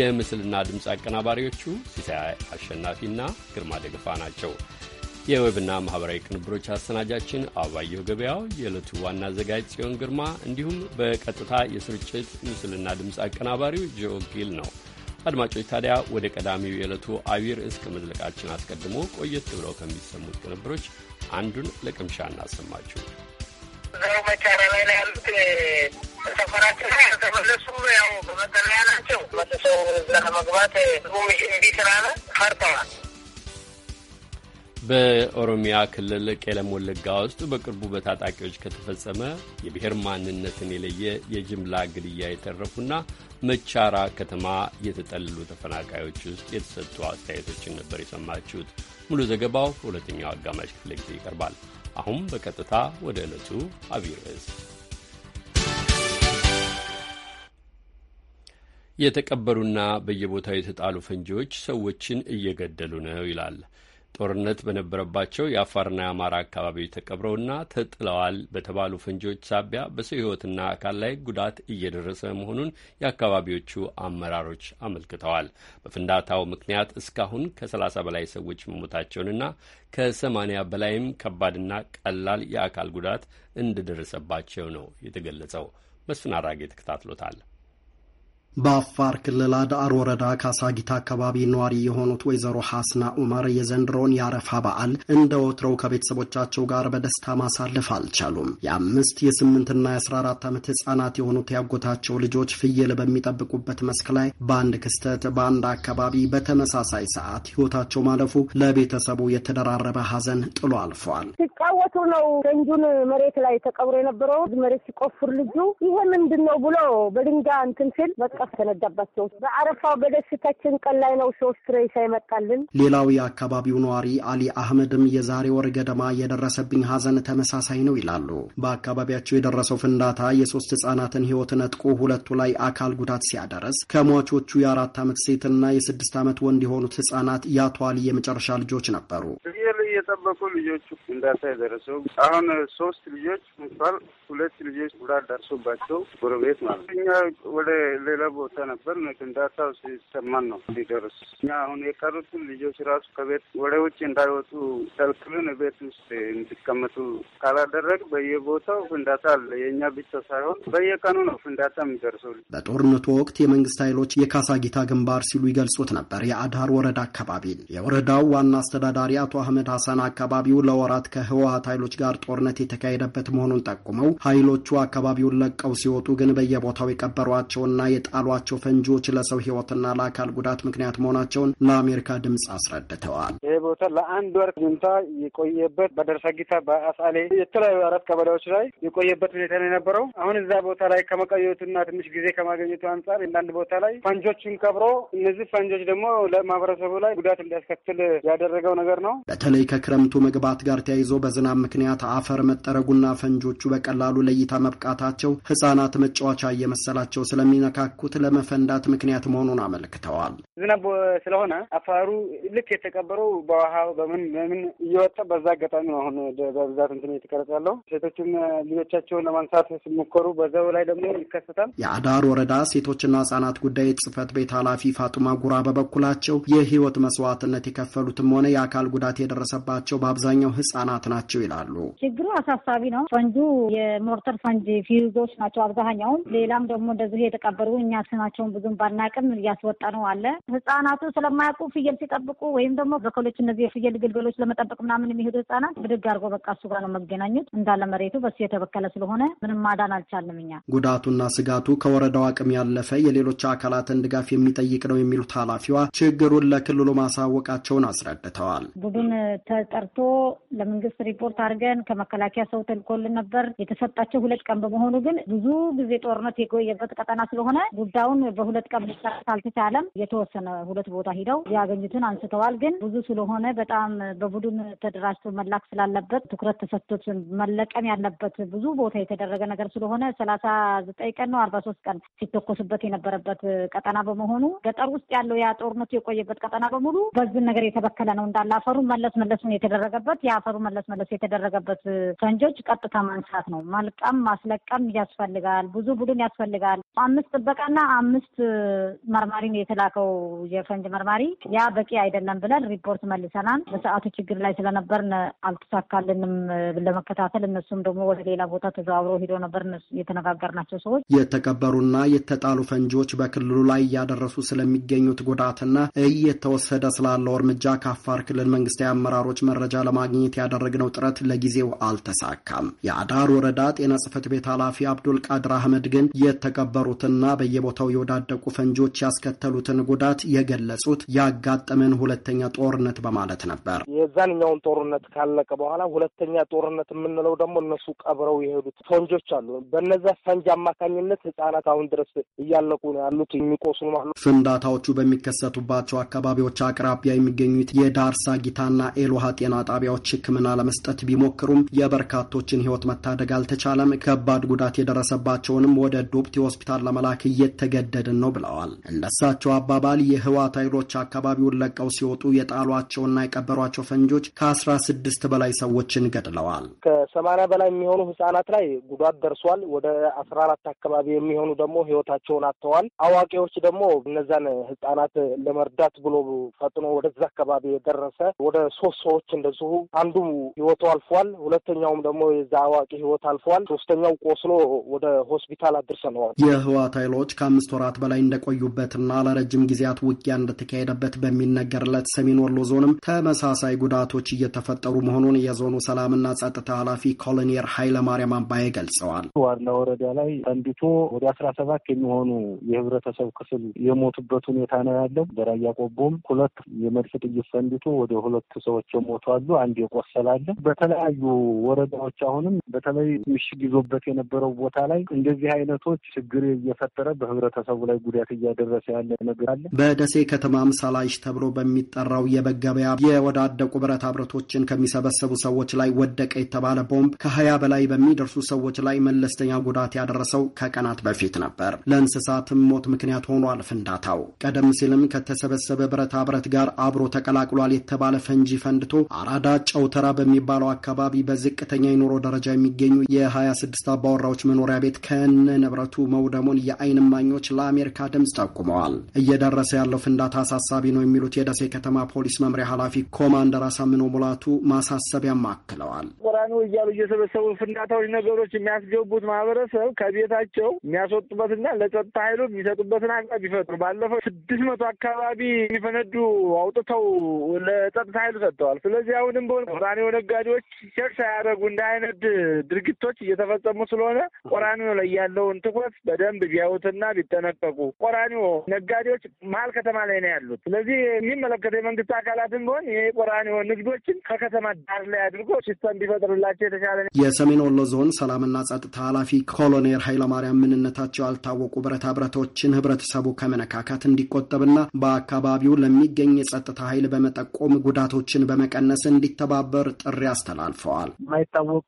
የምስልና ድምፅ አቀናባሪዎቹ ሲሳይ አሸናፊና ግርማ ደገፋ ናቸው። የዌብና ማኅበራዊ ቅንብሮች አሰናጃችን አባየሁ ገበያው፣ የዕለቱ ዋና አዘጋጅ ጽዮን ግርማ እንዲሁም በቀጥታ የስርጭት ምስልና ድምፅ አቀናባሪው ጆ ጊል ነው። አድማጮች ታዲያ ወደ ቀዳሚው የዕለቱ አቢይ እስከ መዝለቃችን አስቀድሞ ቆየት ብለው ከሚሰሙት ቅንብሮች አንዱን ለቅምሻ እናሰማችሁ። ዘው መቻራ ላይ ላይ ያሉት ሰፈራችን ላይ ያው በመጠለያ ናቸው። መልሰው እዛ ለመግባት ሙሚሽን እንዲህ ስላለ ፈርተዋል። በኦሮሚያ ክልል ቄለም ወለጋ ውስጥ በቅርቡ በታጣቂዎች ከተፈጸመ የብሔር ማንነትን የለየ የጅምላ ግድያ የተረፉና መቻራ ከተማ የተጠለሉ ተፈናቃዮች ውስጥ የተሰጡ አስተያየቶችን ነበር የሰማችሁት። ሙሉ ዘገባው ሁለተኛው አጋማሽ ክፍለ ጊዜ ይቀርባል። አሁን በቀጥታ ወደ ዕለቱ አብይ ርዕስ የተቀበሩና በየቦታው የተጣሉ ፈንጂዎች ሰዎችን እየገደሉ ነው ይላል። ጦርነት በነበረባቸው የአፋርና የአማራ አካባቢዎች ተቀብረውና ተጥለዋል በተባሉ ፈንጂዎች ሳቢያ በሰው ሕይወትና አካል ላይ ጉዳት እየደረሰ መሆኑን የአካባቢዎቹ አመራሮች አመልክተዋል። በፍንዳታው ምክንያት እስካሁን ከ30 በላይ ሰዎች መሞታቸውንና ከ80 በላይም ከባድና ቀላል የአካል ጉዳት እንደደረሰባቸው ነው የተገለጸው። መስፍን አራጌ ተከታትሎታል። በአፋር ክልል አዳር ወረዳ ካሳጊታ አካባቢ ነዋሪ የሆኑት ወይዘሮ ሐስና ኡመር የዘንድሮውን የአረፋ በዓል እንደ ወትረው ከቤተሰቦቻቸው ጋር በደስታ ማሳለፍ አልቻሉም። የአምስት የስምንትና የአስራ አራት ዓመት ህጻናት የሆኑት ያጎታቸው ልጆች ፍየል በሚጠብቁበት መስክ ላይ በአንድ ክስተት በአንድ አካባቢ በተመሳሳይ ሰዓት ህይወታቸው ማለፉ ለቤተሰቡ የተደራረበ ሐዘን ጥሎ አልፏል። ሲቃወቱ ነው ገንጁን መሬት ላይ ተቀብሮ የነበረው መሬት ሲቆፍር ልጁ ይሄ ምንድን ነው ብሎ በድንጋይ እንትን ሲል በቃ እሳት ተነዳባቸው። በአረፋው በደስታችን ቀን ላይ ነው ሶስት ሬሳ ይመጣልን። ሌላው የአካባቢው ነዋሪ አሊ አህመድም የዛሬ ወር ገደማ የደረሰብኝ ሀዘን ተመሳሳይ ነው ይላሉ። በአካባቢያቸው የደረሰው ፍንዳታ የሶስት ህጻናትን ህይወት ነጥቆ ሁለቱ ላይ አካል ጉዳት ሲያደረስ ከሟቾቹ የአራት ዓመት ሴትና የስድስት ዓመት ወንድ የሆኑት ህጻናት የአቶ አሊ የመጨረሻ ልጆች ነበሩ። እየጠበቁ ልጆቹ እንዳታ የደረሰው አሁን ሶስት ልጆች እንኳን ሁለት ልጆች ጉዳት ደርሶባቸው ጎረቤት ማለት እኛ ወደ ሌላ ቦታ ነበር እንዳታ ሲሰማን ነው እንዲደርስ እኛ አሁን የቀሩትን ልጆች ራሱ ከቤት ወደ ውጭ እንዳይወጡ ከልክልን ቤት ውስጥ እንዲቀመጡ ካላደረግ በየቦታው ፍንዳታ አለ። የእኛ ብቻ ሳይሆን በየቀኑ ነው ፍንዳታ የሚደርሰው። በጦርነቱ ወቅት የመንግስት ኃይሎች የካሳ ጊታ ግንባር ሲሉ ይገልጹት ነበር የአድሃር ወረዳ አካባቢ የወረዳው ዋና አስተዳዳሪ አቶ አህመድ ሀሳን ቀጠና አካባቢው ለወራት ከህወሀት ኃይሎች ጋር ጦርነት የተካሄደበት መሆኑን ጠቁመው ኃይሎቹ አካባቢውን ለቀው ሲወጡ ግን በየቦታው የቀበሯቸውና የጣሏቸው ፈንጂዎች ለሰው ህይወትና ለአካል ጉዳት ምክንያት መሆናቸውን ለአሜሪካ ድምፅ አስረድተዋል። ይህ ቦታ ለአንድ ወር ጁንታ የቆየበት በደርሰጊታ በአሳሌ የተለያዩ አራት ቀበሌዎች ላይ የቆየበት ሁኔታ ነው የነበረው። አሁን እዛ ቦታ ላይ ከመቀየቱና ትንሽ ጊዜ ከማገኘቱ አንጻር አንዳንድ ቦታ ላይ ፈንጆችን ቀብሮ እነዚህ ፈንጆች ደግሞ ለማህበረሰቡ ላይ ጉዳት እንዲያስከትል ያደረገው ነገር ነው። በተለይ ከክረምቱ መግባት ጋር ተያይዞ በዝናብ ምክንያት አፈር መጠረጉና ፈንጆቹ በቀላሉ ለእይታ መብቃታቸው ህጻናት መጫወቻ እየመሰላቸው ስለሚነካኩት ለመፈንዳት ምክንያት መሆኑን አመልክተዋል። ዝናብ ስለሆነ አፋሩ ልክ የተቀበረው በውሃ በምን በምን እየወጣ በዛ አጋጣሚ ነው አሁን በብዛት እንትን እየተቀረጸ ያለው። ሴቶችም ልጆቻቸውን ለማንሳት ሲሞከሩ በዛው ላይ ደግሞ ይከሰታል። የአዳር ወረዳ ሴቶችና ህጻናት ጉዳይ ጽህፈት ቤት ኃላፊ ፋጡማ ጉራ በበኩላቸው የህይወት መስዋዕትነት የከፈሉትም ሆነ የአካል ጉዳት የደረሰባ የሚደርስባቸው በአብዛኛው ህጻናት ናቸው ይላሉ። ችግሩ አሳሳቢ ነው። ፈንጁ የሞርተር ፈንጅ ፊዩዞች ናቸው አብዛኛውም። ሌላም ደግሞ እንደዚህ የተቀበሩ እኛ ስማቸውን ብዙም ባናቅም እያስወጣ ነው አለ። ህጻናቱ ስለማያውቁ ፍየል ሲጠብቁ ወይም ደግሞ በኮሎች እነዚህ የፍየል ግልገሎች ለመጠበቅ ምናምን የሚሄዱ ህጻናት ብድግ አድርጎ በቃ እሱ ጋር ነው መገናኙት። እንዳለ መሬቱ በሱ የተበከለ ስለሆነ ምንም ማዳን አልቻለም እኛ ጉዳቱና ስጋቱ ከወረዳው አቅም ያለፈ የሌሎች አካላትን ድጋፍ የሚጠይቅ ነው የሚሉት ኃላፊዋ ችግሩን ለክልሉ ማሳወቃቸውን አስረድተዋል። ቡድን ጠርቶ ለመንግስት ሪፖርት አድርገን ከመከላከያ ሰው ተልኮልን ነበር። የተሰጣቸው ሁለት ቀን በመሆኑ ግን ብዙ ጊዜ ጦርነት የቆየበት ቀጠና ስለሆነ ጉዳዩን በሁለት ቀን መሰራት አልተቻለም። የተወሰነ ሁለት ቦታ ሂደው ያገኙትን አንስተዋል። ግን ብዙ ስለሆነ በጣም በቡድን ተደራጅቶ መላክ ስላለበት ትኩረት ተሰጥቶት መለቀም ያለበት ብዙ ቦታ የተደረገ ነገር ስለሆነ ሰላሳ ዘጠኝ ቀን ነው አርባ ሶስት ቀን ሲተኮስበት የነበረበት ቀጠና በመሆኑ ገጠር ውስጥ ያለው ያ ጦርነቱ የቆየበት ቀጠና በሙሉ በዝን ነገር የተበከለ ነው እንዳለ አፈሩን መለስ መለሱን የተደረገበት የአፈሩ መለስ መለስ የተደረገበት ፈንጆች ቀጥታ ማንሳት ነው። መልቀም ማስለቀም ያስፈልጋል። ብዙ ቡድን ያስፈልጋል። አምስት ጥበቃና አምስት መርማሪ ነው የተላከው የፈንጅ መርማሪ። ያ በቂ አይደለም ብለን ሪፖርት መልሰናል። በሰዓቱ ችግር ላይ ስለነበርን አልተሳካልንም ለመከታተል። እነሱም ደግሞ ወደ ሌላ ቦታ ተዘዋብሮ ሂዶ ነበር የተነጋገርናቸው ሰዎች። የተቀበሩና የተጣሉ ፈንጆች በክልሉ ላይ እያደረሱ ስለሚገኙት ጉዳትና እየተወሰደ ስላለው እርምጃ ከአፋር ክልል መንግስታዊ አመራሮች መረጃ ለማግኘት ያደረግነው ጥረት ለጊዜው አልተሳካም። የአዳር ወረዳ ጤና ጽፈት ቤት ኃላፊ አብዱል ቃድር አህመድ ግን የተቀበሩትና በየቦታው የወዳደቁ ፈንጆች ያስከተሉትን ጉዳት የገለጹት ያጋጠመን ሁለተኛ ጦርነት በማለት ነበር። የዛንኛውን ጦርነት ካለቀ በኋላ ሁለተኛ ጦርነት የምንለው ደግሞ እነሱ ቀብረው የሄዱት ፈንጆች አሉ። በነዚ ፈንጅ አማካኝነት ህጻናት አሁን ድረስ እያለቁ ነው ያሉት፣ የሚቆስሉ አሉ። ፍንዳታዎቹ በሚከሰቱባቸው አካባቢዎች አቅራቢያ የሚገኙት የዳርሳ ጊታና ኤሎ የውሃ ጤና ጣቢያዎች ሕክምና ለመስጠት ቢሞክሩም የበርካቶችን ህይወት መታደግ አልተቻለም። ከባድ ጉዳት የደረሰባቸውንም ወደ ዶብቲ ሆስፒታል ለመላክ እየተገደድን ነው ብለዋል። እንደሳቸው አባባል የህዋት ኃይሎች አካባቢውን ለቀው ሲወጡ የጣሏቸውና የቀበሯቸው ፈንጆች ከአስራ ስድስት በላይ ሰዎችን ገድለዋል። ከሰማንያ በላይ የሚሆኑ ህጻናት ላይ ጉዳት ደርሷል። ወደ አስራ አራት አካባቢ የሚሆኑ ደግሞ ህይወታቸውን አጥተዋል። አዋቂዎች ደግሞ እነዛን ህጻናት ለመርዳት ብሎ ፈጥኖ ወደዛ አካባቢ የደረሰ ወደ ሶስት ሰው ሰዎች እንደዚሁ አንዱ ህይወቱ አልፏል። ሁለተኛውም ደግሞ የዛ አዋቂ ህይወት አልፏል። ሶስተኛው ቆስሎ ወደ ሆስፒታል አድርሰነዋል። የህወሓት ኃይሎች ከአምስት ወራት በላይ እንደቆዩበትና ለረጅም ጊዜያት ውጊያ እንደተካሄደበት በሚነገርለት ሰሜን ወሎ ዞንም ተመሳሳይ ጉዳቶች እየተፈጠሩ መሆኑን የዞኑ ሰላምና ጸጥታ ኃላፊ ኮሎኔል ኃይለማርያም አምባዬ ገልጸዋል። ዋና ወረዳ ላይ ፈንድቶ ወደ አስራ ሰባት የሚሆኑ የህብረተሰብ ክፍል የሞቱበት ሁኔታ ነው ያለው። በራያ ቆቦም ሁለት የመድፍ ጥይት ፈንድቶ ወደ ሁለት ሰዎች የሞቱ አሉ፣ አንድ የቆሰለ አለ። በተለያዩ ወረዳዎች አሁንም በተለይ ምሽግ ይዞበት የነበረው ቦታ ላይ እንደዚህ አይነቶች ችግር እየፈጠረ በህብረተሰቡ ላይ ጉዳት እያደረሰ ያለ ነገር አለ። በደሴ ከተማ ሳላይሽ ተብሎ በሚጠራው የበገበያ የወዳደቁ ብረታ ብረቶችን ከሚሰበሰቡ ሰዎች ላይ ወደቀ የተባለ ቦምብ ከሀያ በላይ በሚደርሱ ሰዎች ላይ መለስተኛ ጉዳት ያደረሰው ከቀናት በፊት ነበር። ለእንስሳትም ሞት ምክንያት ሆኗል ፍንዳታው። ቀደም ሲልም ከተሰበሰበ ብረታ ብረት ጋር አብሮ ተቀላቅሏል የተባለ ፈንጂ ፈንድቶ አራዳ ጨውተራ በሚባለው አካባቢ በዝቅተኛ የኑሮ ደረጃ የሚገኙ የ26 አባወራዎች መኖሪያ ቤት ከነ ንብረቱ መውደሙን የአይን እማኞች ለአሜሪካ ድምፅ ጠቁመዋል። እየደረሰ ያለው ፍንዳታ አሳሳቢ ነው የሚሉት የደሴ ከተማ ፖሊስ መምሪያ ኃላፊ ኮማንደር አሳምነው ሙላቱ ማሳሰቢያ አክለዋል። ቁራኑ እያሉ እየሰበሰቡ ፍንዳታዎች ነገሮች የሚያስገቡት ማህበረሰብ ከቤታቸው የሚያስወጡበትና ለጸጥታ ኃይሉ የሚሰጡበትን አቅጣ ቢፈጥሩ ባለፈው ስድስት መቶ አካባቢ የሚፈነዱ አውጥተው ለጸጥታ ኃይሉ ሰጥተዋል። ስለዚህ አሁንም በሆነ ቆራኔው ነጋዴዎች ቸክ ሳያደርጉ እንደ አይነት ድርጊቶች እየተፈጸሙ ስለሆነ ቆራኔው ላይ ያለውን ትኩረት በደንብ ቢያዩትና ቢጠነቀቁ። ቆራኔው ነጋዴዎች መሀል ከተማ ላይ ነው ያሉት። ስለዚህ የሚመለከተው የመንግስት አካላትም ቢሆን ይህ ቆራኔው ንግዶችን ከከተማ ዳር ላይ አድርጎ ሲስተም ቢፈጥርላቸው የተሻለ የሰሜን ወሎ ዞን ሰላምና ጸጥታ ኃላፊ ኮሎኔል ኃይለማርያም ምንነታቸው ያልታወቁ ብረታ ብረቶችን ህብረተሰቡ ከመነካካት እንዲቆጠብና በአካባቢው ለሚገኝ የጸጥታ ኃይል በመጠቆም ጉዳቶችን በመቀ ለመቀነስ እንዲተባበር ጥሪ አስተላልፈዋል። የማይታወቁ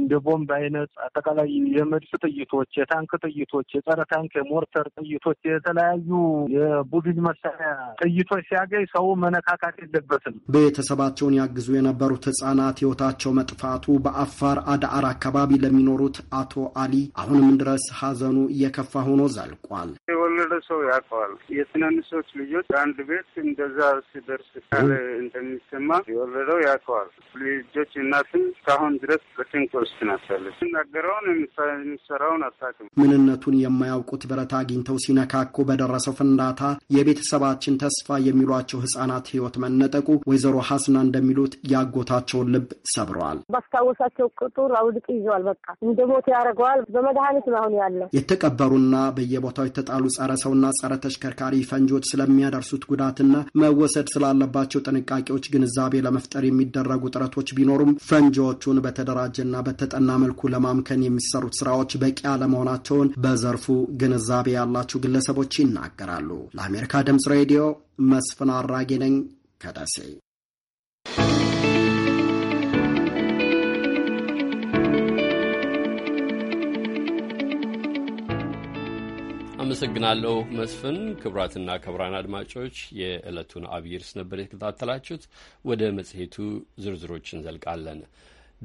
እንደ ቦምብ አይነት አጠቃላይ የመድፍ ጥይቶች፣ የታንክ ጥይቶች፣ የጸረ ታንክ የሞርተር ጥይቶች፣ የተለያዩ የቡድን መሳሪያ ጥይቶች ሲያገኝ ሰው መነካካት የለበትም። ቤተሰባቸውን ያግዙ የነበሩት ህጻናት ህይወታቸው መጥፋቱ በአፋር አዳአር አካባቢ ለሚኖሩት አቶ አሊ አሁንም ድረስ ሀዘኑ እየከፋ ሆኖ ዘልቋል። የወለደ ሰው ያውቀዋል። የትናንሾች ልጆች አንድ ቤት እንደዛ ሲደርስ ካለ እንደሚሰማ የወለደው ያውቀዋል። ልጆች እናትን እስካሁን ድረስ በጭንቅ ውስጥ ናታለች። ሲናገረውን የሚሰራውን አታውቅም። ምንነቱን የማያውቁት ብረት አግኝተው ሲነካኩ በደረሰው ፍንዳታ የቤተሰባችን ተስፋ የሚሏቸው ህጻናት ህይወት መነጠቁ ወይዘሮ ሀስና እንደሚሉት ያጎታቸውን ልብ ሰብረዋል። ባስታወሳቸው ቁጥር አውድቅ ይዘዋል። በቃ እንደ ሞት ያደርገዋል። በመድኃኒት ነው አሁን ያለው። የተቀበሩና በየቦታው የተጣሉ ጸረ ሰውና ጸረ ተሽከርካሪ ፈንጆች ስለሚያደርሱት ጉዳትና መወሰድ ስላለባቸው ጥንቃቄዎች ግንዛቤ ለመ ለመፍጠር የሚደረጉ ጥረቶች ቢኖሩም ፈንጂዎቹን በተደራጀና በተጠና መልኩ ለማምከን የሚሰሩት ስራዎች በቂ አለመሆናቸውን በዘርፉ ግንዛቤ ያላቸው ግለሰቦች ይናገራሉ። ለአሜሪካ ድምጽ ሬዲዮ መስፍን አራጌ ነኝ ከደሴ። አመሰግናለሁ መስፍን። ክቡራትና ክቡራን አድማጮች የዕለቱን አብይ ርዕስ ነበር የተከታተላችሁት። ወደ መጽሔቱ ዝርዝሮች እንዘልቃለን።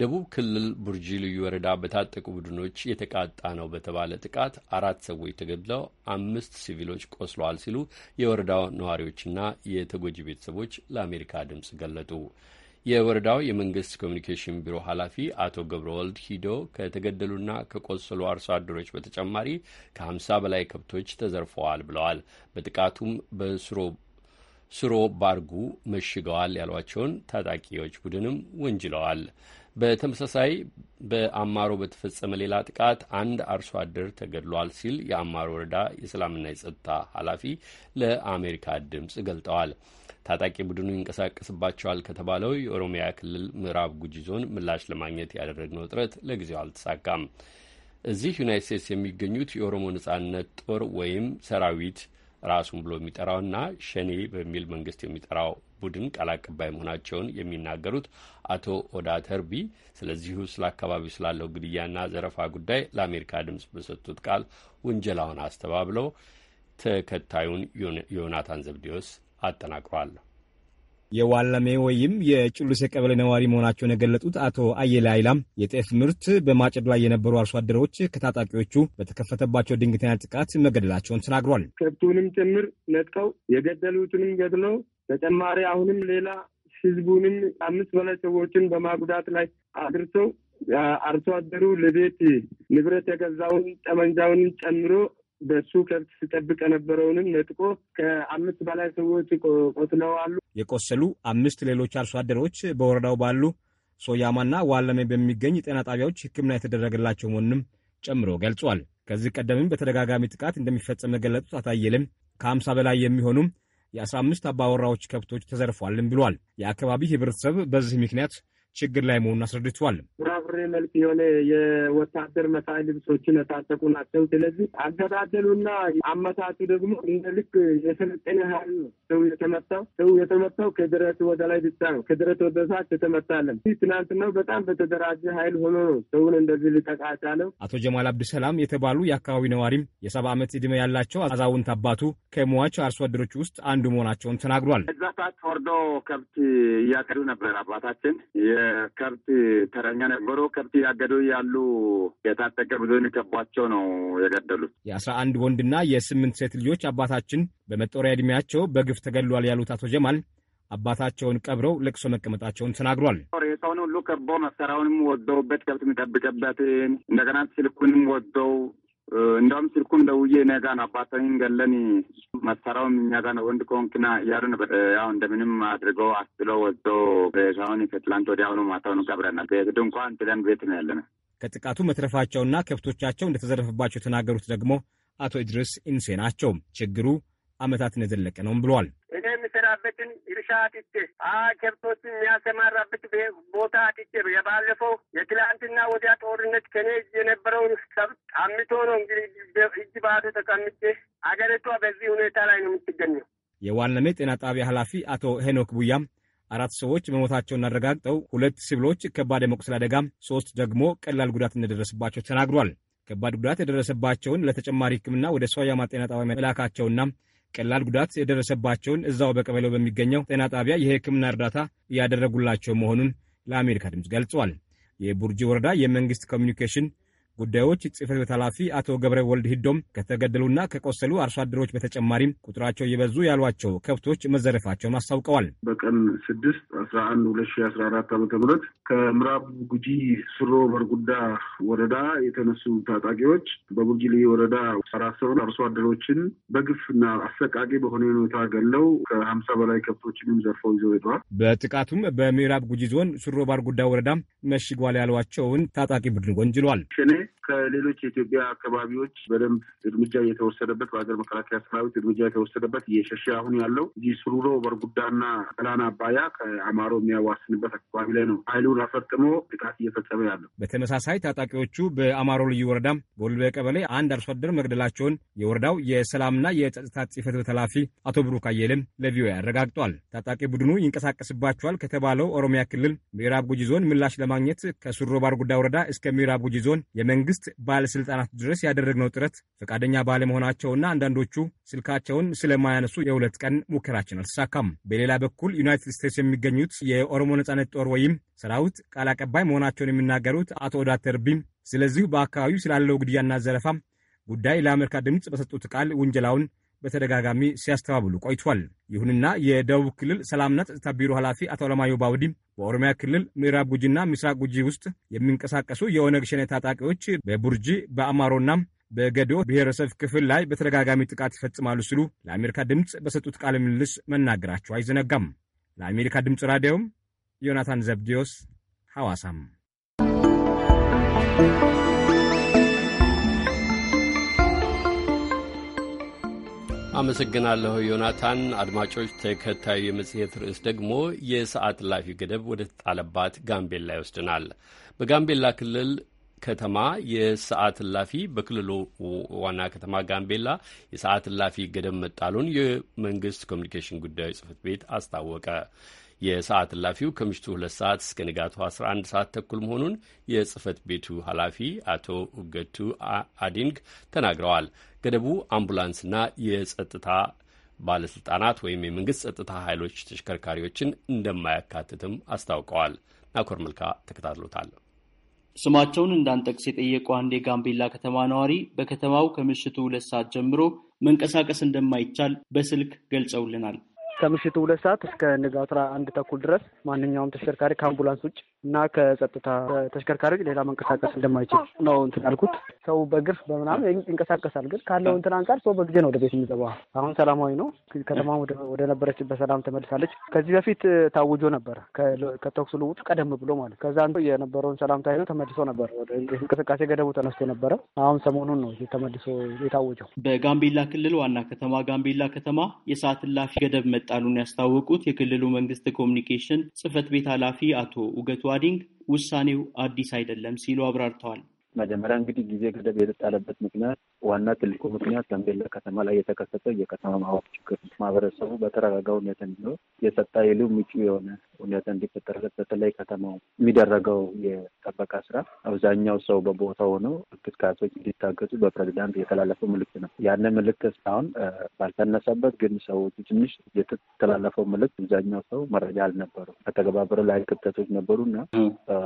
ደቡብ ክልል ቡርጂ ልዩ ወረዳ በታጠቁ ቡድኖች የተቃጣ ነው በተባለ ጥቃት አራት ሰዎች ተገድለው አምስት ሲቪሎች ቆስለዋል ሲሉ የወረዳው ነዋሪዎችና የተጎጂ ቤተሰቦች ለአሜሪካ ድምፅ ገለጡ። የወረዳው የመንግስት ኮሚኒኬሽን ቢሮ ኃላፊ አቶ ገብረ ወልድ ሂዶ ከተገደሉና ከቆሰሉ አርሶ አደሮች በተጨማሪ ከ50 በላይ ከብቶች ተዘርፈዋል ብለዋል። በጥቃቱም በስሮ ባርጉ መሽገዋል ያሏቸውን ታጣቂዎች ቡድንም ወንጅለዋል። በተመሳሳይ በአማሮ በተፈጸመ ሌላ ጥቃት አንድ አርሶ አደር ተገድሏል ሲል የአማሮ ወረዳ የሰላምና የጸጥታ ኃላፊ ለአሜሪካ ድምፅ ገልጠዋል። ታጣቂ ቡድኑ ይንቀሳቀስባቸዋል ከተባለው የኦሮሚያ ክልል ምዕራብ ጉጂ ዞን ምላሽ ለማግኘት ያደረግነው ጥረት ለጊዜው አልተሳካም። እዚህ ዩናይት ስቴትስ የሚገኙት የኦሮሞ ነጻነት ጦር ወይም ሰራዊት ራሱን ብሎ የሚጠራውና ሸኔ በሚል መንግስት የሚጠራው ቡድን ቃል አቀባይ መሆናቸውን የሚናገሩት አቶ ኦዳ ተርቢ ስለዚሁ ስለ አካባቢው ስላለው ግድያና ዘረፋ ጉዳይ ለአሜሪካ ድምፅ በሰጡት ቃል ውንጀላውን አስተባብለው ተከታዩን ዮናታን ዘብዴዎስ አጠናቅሯል። የዋላሜ ወይም የጭሉሴ ቀበሌ ነዋሪ መሆናቸውን የገለጡት አቶ አየላ አይላም የጤፍ ምርት በማጨድ ላይ የነበሩ አርሶ አደሮች ከታጣቂዎቹ በተከፈተባቸው ድንገተኛ ጥቃት መገደላቸውን ተናግሯል። ከብቱንም ጭምር ነጥቀው የገደሉትንም ገድለው ተጨማሪ አሁንም ሌላ ህዝቡንም አምስት በላይ ሰዎችን በማጉዳት ላይ አድርሶ አርሶ አደሩ ለቤት ንብረት የገዛውን ጠመንጃውን ጨምሮ በሱ ከብት ሲጠብቅ የነበረውንም ነጥቆ ከአምስት በላይ ሰዎች አሉ። የቆሰሉ አምስት ሌሎች አርሶ አደሮች በወረዳው ባሉ ሶያማና ዋለሜ በሚገኝ ጤና ጣቢያዎች ሕክምና የተደረገላቸው መሆኑንም ጨምሮ ገልጿል። ከዚህ ቀደምም በተደጋጋሚ ጥቃት እንደሚፈጸም የገለጹት አታየልም ከ በላይ የሚሆኑም የ15 አባወራዎች ከብቶች ተዘርፏልም ብሏል። የአካባቢ ህብረተሰብ በዚህ ምክንያት ችግር ላይ መሆኑን አስረድቷል። ፍራፍሬ መልክ የሆነ የወታደር መሳይ ልብሶችን የታጠቁ ናቸው። ስለዚህ አገዳደሉና አመታቱ ደግሞ ልክ የሰለጠነ ሀይል ነው። ሰው የተመታው ሰው የተመታው ከድረት ወደ ላይ ብቻ ነው። ከድረት ወደ ታች የተመታለን። ትናንትናው በጣም በተደራጀ ሀይል ሆኖ ነው ሰውን እንደዚህ ሊጠቃ ቻለው። አቶ ጀማል አብድሰላም የተባሉ የአካባቢ ነዋሪም የሰባ ዓመት እድሜ ያላቸው አዛውንት አባቱ ከሟች አርሶ አደሮች ውስጥ አንዱ መሆናቸውን ተናግሯል። እዛ ታች ወርዶ ከብት እያቀዱ ነበር አባታችን ከብት ተረኛ ነበሩ። ከብት ያገዱ ያሉ የታጠቀ ብዙን ከቧቸው ነው የገደሉት። የአስራ አንድ ወንድና የስምንት ሴት ልጆች አባታችን በመጦሪያ ዕድሜያቸው በግፍ ተገሏል ያሉት አቶ ጀማል አባታቸውን ቀብረው ለቅሶ መቀመጣቸውን ተናግሯል። ሬሳውን ሁሉ ከበው መሰራውንም ወደውበት ከብት የሚጠብቅበትን እንደገና ስልኩንም ወደው እንደውም ስልኩን ደውዬ ነጋን ጋ አባታዊን ገለን መሳሪያውም እኛ ጋ ወንድ ከሆንክና እያሉ ያው እንደምንም አድርገው አስጥሎ ወዶ ሬሳውን ከትላንት ወዲያ አሁኑ ማታውን ቀብረናል። እንኳን ጥለን ቤት ነው ያለነ። ከጥቃቱ መትረፋቸውና ከብቶቻቸው እንደተዘረፈባቸው የተናገሩት ደግሞ አቶ ኢድሪስ ኢንሴ ናቸው። ችግሩ ዓመታትን የዘለቀ ነውም ብሏል። እኔ የምሰራበትን እርሻ አጥቼ አ ከብቶችን የሚያሰማራበት ቦታ አጥቼ የባለፈው የትላንትና ወዲያ ጦርነት ከኔ የነበረውን ከብት አምቶ ነው እንግዲህ እጅ ባዶ ተቀምጬ አገሪቷ በዚህ ሁኔታ ላይ ነው የምትገኘው። የዋለሜ ጤና ጣቢያ ኃላፊ አቶ ሄኖክ ቡያም አራት ሰዎች መሞታቸውን አረጋግጠው ሁለት ሲቪሎች ከባድ የመቁሰል አደጋ፣ ሶስት ደግሞ ቀላል ጉዳት እንደደረሰባቸው ተናግሯል። ከባድ ጉዳት የደረሰባቸውን ለተጨማሪ ሕክምና ወደ ሰውያማ ጤና ጣቢያ መላካቸውና ቀላል ጉዳት የደረሰባቸውን እዛው በቀበሌው በሚገኘው ጤና ጣቢያ የሕክምና እርዳታ እያደረጉላቸው መሆኑን ለአሜሪካ ድምፅ ገልጿል። የቡርጂ ወረዳ የመንግስት ኮሚኒኬሽን ጉዳዮች ጽህፈት ቤት ኃላፊ አቶ ገብረ ወልድ ሂዶም ከተገደሉና ከቆሰሉ አርሶ አደሮች በተጨማሪም ቁጥራቸው የበዙ ያሏቸው ከብቶች መዘረፋቸውን አስታውቀዋል። በቀን ስድስት አስራ አንድ ሁለት ሺ አስራ አራት ዓመተ ምህረት ከምዕራብ ጉጂ ስሮ በርጉዳ ወረዳ የተነሱ ታጣቂዎች በጉጂ ልዩ ወረዳ አራት አርሶ አደሮችን በግፍና አሰቃቂ በሆነ ሁኔታ ገለው ከሀምሳ በላይ ከብቶችንም ዘርፈው ይዘው ሄደዋል። በጥቃቱም በምዕራብ ጉጂ ዞን ስሮ ባርጉዳ ወረዳ መሽጓል ያሏቸውን ታጣቂ ቡድን ወንጅሏል። ሸኔ ከሌሎች የኢትዮጵያ አካባቢዎች በደንብ እርምጃ የተወሰደበት በሀገር መከላከያ ሰራዊት እርምጃ የተወሰደበት እየሸሸ አሁን ያለው እዚህ ስሩሮ በርጉዳና ቀላና አባያ ከአማሮ የሚያዋስንበት አካባቢ ላይ ነው ኃይሉን አፈጥሞ ጥቃት እየፈጸመ ያለው። በተመሳሳይ ታጣቂዎቹ በአማሮ ልዩ ወረዳ በወልበ ቀበሌ አንድ አርሶ አደር መግደላቸውን የወረዳው የሰላምና የጸጥታ ጽፈት ቤት ኃላፊ አቶ ብሩክ አየልም ለቪኦኤ አረጋግጧል። ታጣቂ ቡድኑ ይንቀሳቀስባቸዋል ከተባለው ኦሮሚያ ክልል ምዕራብ ጉጂ ዞን ምላሽ ለማግኘት ከሱሮ ባርጉዳ ወረዳ እስከ ምዕራብ ጉጂ ዞን መንግስት ባለስልጣናት ድረስ ያደረግነው ጥረት ፈቃደኛ ባለመሆናቸውና አንዳንዶቹ ስልካቸውን ስለማያነሱ የሁለት ቀን ሙከራችን አልተሳካም። በሌላ በኩል ዩናይትድ ስቴትስ የሚገኙት የኦሮሞ ነጻነት ጦር ወይም ሰራዊት ቃል አቀባይ መሆናቸውን የሚናገሩት አቶ ወዳ ስለዚሁ በአካባቢው ስላለው ግድያና ዘረፋ ጉዳይ ለአሜሪካ ድምፅ በሰጡት ቃል ውንጀላውን በተደጋጋሚ ሲያስተባብሉ ቆይቷል። ይሁንና የደቡብ ክልል ሰላምና ጸጥታ ቢሮ ኃላፊ አቶ አለማዮ ባውዲ በኦሮሚያ ክልል ምዕራብ ጉጂና ምስራቅ ጉጂ ውስጥ የሚንቀሳቀሱ የኦነግ ሸኔ ታጣቂዎች በቡርጂ በአማሮና በገዶ ብሔረሰብ ክፍል ላይ በተደጋጋሚ ጥቃት ይፈጽማሉ ሲሉ ለአሜሪካ ድምፅ በሰጡት ቃለ ምልልስ መናገራቸው አይዘነጋም። ለአሜሪካ ድምፅ ራዲዮም ዮናታን ዘብዲዮስ ሐዋሳም አመሰግናለሁ ዮናታን። አድማጮች፣ ተከታዩ የመጽሔት ርዕስ ደግሞ የሰዓት ላፊ ገደብ ወደ ተጣለባት ጋምቤላ ይወስድናል። በጋምቤላ ክልል ከተማ የሰዓት እላፊ በክልሉ ዋና ከተማ ጋምቤላ የሰዓት እላፊ ገደብ መጣሉን የመንግስት ኮሚኒኬሽን ጉዳዮች ጽህፈት ቤት አስታወቀ። የሰዓት እላፊው ከምሽቱ ሁለት ሰዓት እስከ ንጋቱ 11 ሰዓት ተኩል መሆኑን የጽህፈት ቤቱ ኃላፊ አቶ ውገቱ አዲንግ ተናግረዋል። ገደቡ አምቡላንስና የጸጥታ ባለስልጣናት ወይም የመንግስት ጸጥታ ኃይሎች ተሽከርካሪዎችን እንደማያካትትም አስታውቀዋል። ናኮር መልካ ተከታትሎታል። ስማቸውን እንዳንጠቅስ የጠየቁ አንድ የጋምቤላ ከተማ ነዋሪ በከተማው ከምሽቱ ሁለት ሰዓት ጀምሮ መንቀሳቀስ እንደማይቻል በስልክ ገልጸውልናል። ከምሽቱ ሁለት ሰዓት እስከ ንጋት አስራ አንድ ተኩል ድረስ ማንኛውም ተሽከርካሪ ከአምቡላንስ ውጭ እና ከጸጥታ ተሽከርካሪዎች ሌላ መንቀሳቀስ እንደማይችል ነው እንትን ያልኩት። ሰው በግርፍ በምናምን ይንቀሳቀሳል፣ ግን ካለው እንትን አንጻር ሰው በጊዜ ነው ወደ ቤት የሚገባ። አሁን ሰላማዊ ነው፣ ከተማ ወደ ነበረችበት በሰላም ተመልሳለች። ከዚህ በፊት ታውጆ ነበር ከተኩስ ልውጡ ቀደም ብሎ ማለት ከዛ የነበረውን ሰላም ታይቶ ተመልሶ ነበር፣ ወደ እንቅስቃሴ ገደቡ ተነስቶ ነበረ። አሁን ሰሞኑን ነው ተመልሶ የታወጀው። በጋምቤላ ክልል ዋና ከተማ ጋምቤላ ከተማ የሰዓት እላፊ ገደብ መጣሉን ያስታወቁት የክልሉ መንግስት ኮሚኒኬሽን ጽህፈት ቤት ኃላፊ አቶ ውገቱ ጓዲንግ ውሳኔው አዲስ አይደለም ሲሉ አብራርተዋል። መጀመሪያ እንግዲህ ጊዜ ገደብ የተጣለበት ምክንያት ዋና ትልቁ ምክንያት ጋምቤላ ከተማ ላይ የተከሰተ የከተማ ማወቅ ችግር ማህበረሰቡ በተረጋጋ ሁኔታ እንዲኖር የጸጥታ ኃይሉ ምቹ የሆነ ሁኔታ እንዲፈጠርለት በተለይ ከተማው የሚደረገው የጠበቃ ስራ አብዛኛው ሰው በቦታ ሆኖ እንቅስቃሴዎች እንዲታገዙ በፕሬዚዳንት የተላለፈው ምልክት ነው። ያንን ምልክት እስካሁን ባልተነሳበት ግን ሰዎቹ ትንሽ የተላለፈው ምልክት አብዛኛው ሰው መረጃ አልነበሩ ከተገባበረ ላይ ክፍተቶች ነበሩ እና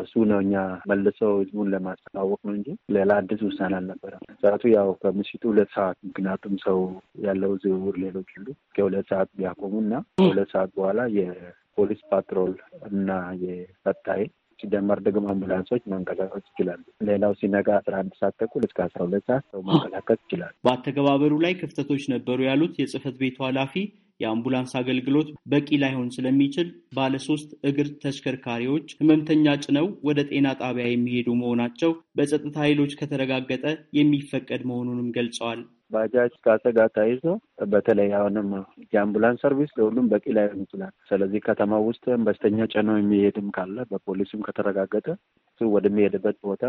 እሱ ነው እኛ መልሰው ህዝቡን ለማስተዋወቅ ነው ነው እንጂ ሌላ አዲስ ውሳኔ አልነበረም። ሰዓቱ ያው ከምሽቱ ሁለት ሰዓት ምክንያቱም ሰው ያለው ዝውውር ሌሎች ሁሉ ከሁለት ሰዓት ቢያቆሙ እና ከሁለት ሰዓት በኋላ የፖሊስ ፓትሮል እና የጸጥታ ኃይል ሲደመር ደግሞ አምቡላንሶች መንቀሳቀስ ይችላሉ። ሌላው ሲነጋ አስራ አንድ ሰዓት ተኩል እስከ አስራ ሁለት ሰዓት ሰው መንቀሳቀስ ይችላሉ። በአተገባበሩ ላይ ክፍተቶች ነበሩ ያሉት የጽህፈት ቤቱ ኃላፊ የአምቡላንስ አገልግሎት በቂ ላይሆን ስለሚችል ባለሶስት እግር ተሽከርካሪዎች ህመምተኛ ጭነው ወደ ጤና ጣቢያ የሚሄዱ መሆናቸው በጸጥታ ኃይሎች ከተረጋገጠ የሚፈቀድ መሆኑንም ገልጸዋል። ባጃጅ ካሰ ጋር ተያይዞ በተለይ አሁንም የአምቡላንስ ሰርቪስ ለሁሉም በቂ ላይሆን ይችላል። ስለዚህ ከተማ ውስጥ በስተኛ ጭኖ የሚሄድም ካለ በፖሊስም ከተረጋገጠ እሱ ወደሚሄድበት ቦታ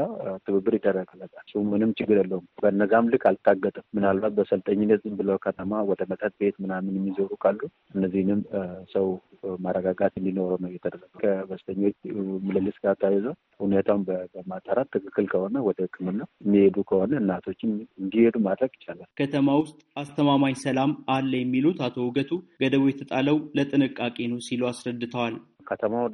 ትብብር ይደረግለታል። እሱ ምንም ችግር የለውም። በነዛም ልክ አልታገጥም። ምናልባት በሰልጠኝነት ዝም ብለው ከተማ ወደ መጠጥ ቤት ምናምን የሚዞሩ ካሉ እነዚህንም ሰው ማረጋጋት እንዲኖረው ነው እየተደረገ ከበስተኞች ምልልስ ጋር ተያይዞ ሁኔታውን በማጣራት ትክክል ከሆነ ወደ ሕክምና የሚሄዱ ከሆነ እናቶችን እንዲሄዱ ማድረግ ይቻላል። ከተማ ውስጥ አስተማማኝ ሰላም አለ የሚሉት አቶ ውገቱ ገደቡ የተጣለው ለጥንቃቄ ነው ሲሉ አስረድተዋል። ከተማው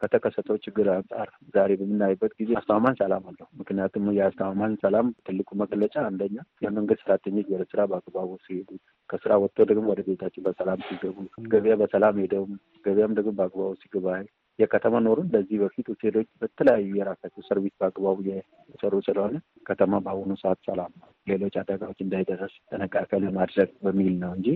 ከተከሰተው ችግር አንጻር ዛሬ በምናይበት ጊዜ አስተማማኝ ሰላም አለው። ምክንያቱም የአስተማማኝ ሰላም ትልቁ መገለጫ አንደኛ የመንግስት ሰራተኞች ወደ ስራ በአግባቡ ሲሄዱ፣ ከስራ ወጥቶ ደግሞ ወደ ቤታችን በሰላም ሲገቡ፣ ገበያ በሰላም ሄደውም ገበያም ደግሞ በአግባቡ ሲገባ፣ የከተማ ኖርን ለዚህ በፊት ሆቴሎች በተለያዩ የራሳቸው ሰርቪስ በአግባቡ የሰሩ ስለሆነ ከተማ በአሁኑ ሰዓት ሰላም ነው። ሌሎች አደጋዎች እንዳይደረስ ጥንቃቄ ለማድረግ በሚል ነው እንጂ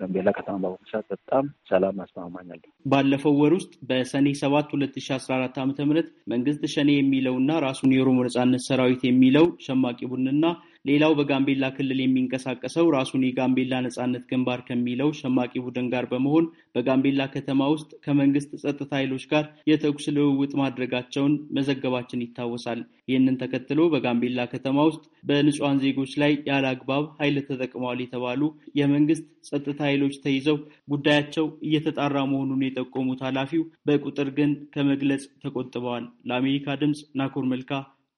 ጋምቤላ ከተማ በአሁኑ ሰዓት በጣም ሰላም አስተማማኛል። ባለፈው ወር ውስጥ በሰኔ ሰባት ሁለት ሺ አስራ አራት ዓመተ ምህረት መንግስት ሸኔ የሚለውና ራሱን የኦሮሞ ነጻነት ሰራዊት የሚለው ሸማቂ ቡድንና ሌላው በጋምቤላ ክልል የሚንቀሳቀሰው ራሱን የጋምቤላ ነጻነት ግንባር ከሚለው ሸማቂ ቡድን ጋር በመሆን በጋምቤላ ከተማ ውስጥ ከመንግስት ጸጥታ ኃይሎች ጋር የተኩስ ልውውጥ ማድረጋቸውን መዘገባችን ይታወሳል። ይህንን ተከትሎ በጋምቤላ ከተማ ውስጥ በንጹሐን ዜጎች ላይ ያለ አግባብ ኃይል ተጠቅመዋል የተባሉ የመንግስት ጸጥታ ኃይሎች ተይዘው ጉዳያቸው እየተጣራ መሆኑን የጠቆሙት ኃላፊው በቁጥር ግን ከመግለጽ ተቆጥበዋል። ለአሜሪካ ድምፅ ናኮር መልካ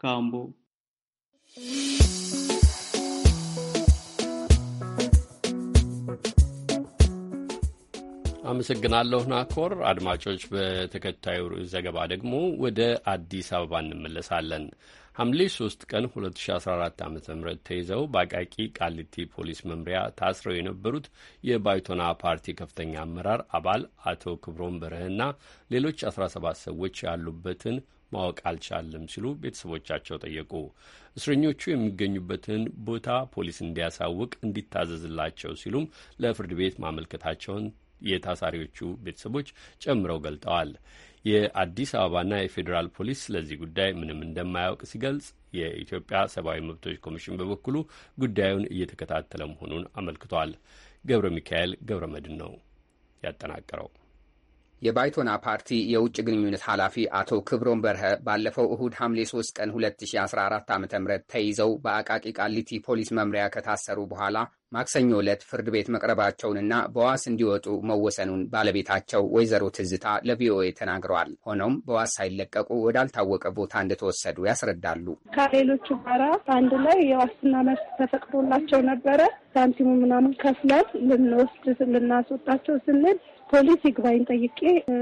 ከአምቦ አመሰግናለሁ ናኮር። አድማጮች፣ በተከታዩ ርዕስ ዘገባ ደግሞ ወደ አዲስ አበባ እንመለሳለን። ሐምሌ 3 ቀን 2014 ዓ ም ተይዘው በአቃቂ ቃሊቲ ፖሊስ መምሪያ ታስረው የነበሩት የባይቶና ፓርቲ ከፍተኛ አመራር አባል አቶ ክብሮም በረህና ሌሎች 17 ሰዎች ያሉበትን ማወቅ አልቻለም ሲሉ ቤተሰቦቻቸው ጠየቁ። እስረኞቹ የሚገኙበትን ቦታ ፖሊስ እንዲያሳውቅ እንዲታዘዝላቸው ሲሉም ለፍርድ ቤት ማመልከታቸውን የታሳሪዎቹ ቤተሰቦች ጨምረው ገልጠዋል። የአዲስ አበባና የፌዴራል ፖሊስ ስለዚህ ጉዳይ ምንም እንደማያውቅ ሲገልጽ፣ የኢትዮጵያ ሰብአዊ መብቶች ኮሚሽን በበኩሉ ጉዳዩን እየተከታተለ መሆኑን አመልክቷል። ገብረ ሚካኤል ገብረ መድን ነው ያጠናቀረው። የባይቶና ፓርቲ የውጭ ግንኙነት ኃላፊ አቶ ክብሮም በርሀ ባለፈው እሁድ ሐምሌ 3 ቀን 2014 ዓ ም ተይዘው በአቃቂ ቃሊቲ ፖሊስ መምሪያ ከታሰሩ በኋላ ማክሰኞ ዕለት ፍርድ ቤት መቅረባቸውንና በዋስ እንዲወጡ መወሰኑን ባለቤታቸው ወይዘሮ ትዝታ ለቪኦኤ ተናግረዋል። ሆኖም በዋስ ሳይለቀቁ ወዳልታወቀ ቦታ እንደተወሰዱ ያስረዳሉ። ከሌሎቹ ጋራ አንድ ላይ የዋስትና መብት ተፈቅዶላቸው ነበረ። ሳንቲሙ ምናምን ከፍለን ልንወስድ ልናስወጣቸው ስንል ፖሊስ ይግባኝ ጠይቄ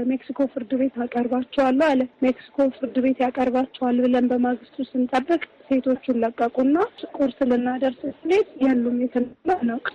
ሜክሲኮ ፍርድ ቤት አቀርባቸዋለሁ አለ። ሜክሲኮ ፍርድ ቤት ያቀርባቸዋል ብለን በማግስቱ ስንጠብቅ ሴቶቹን ለቀቁና ቁርስ ልናደርስ ስሌት የሉም የተላ ነቅ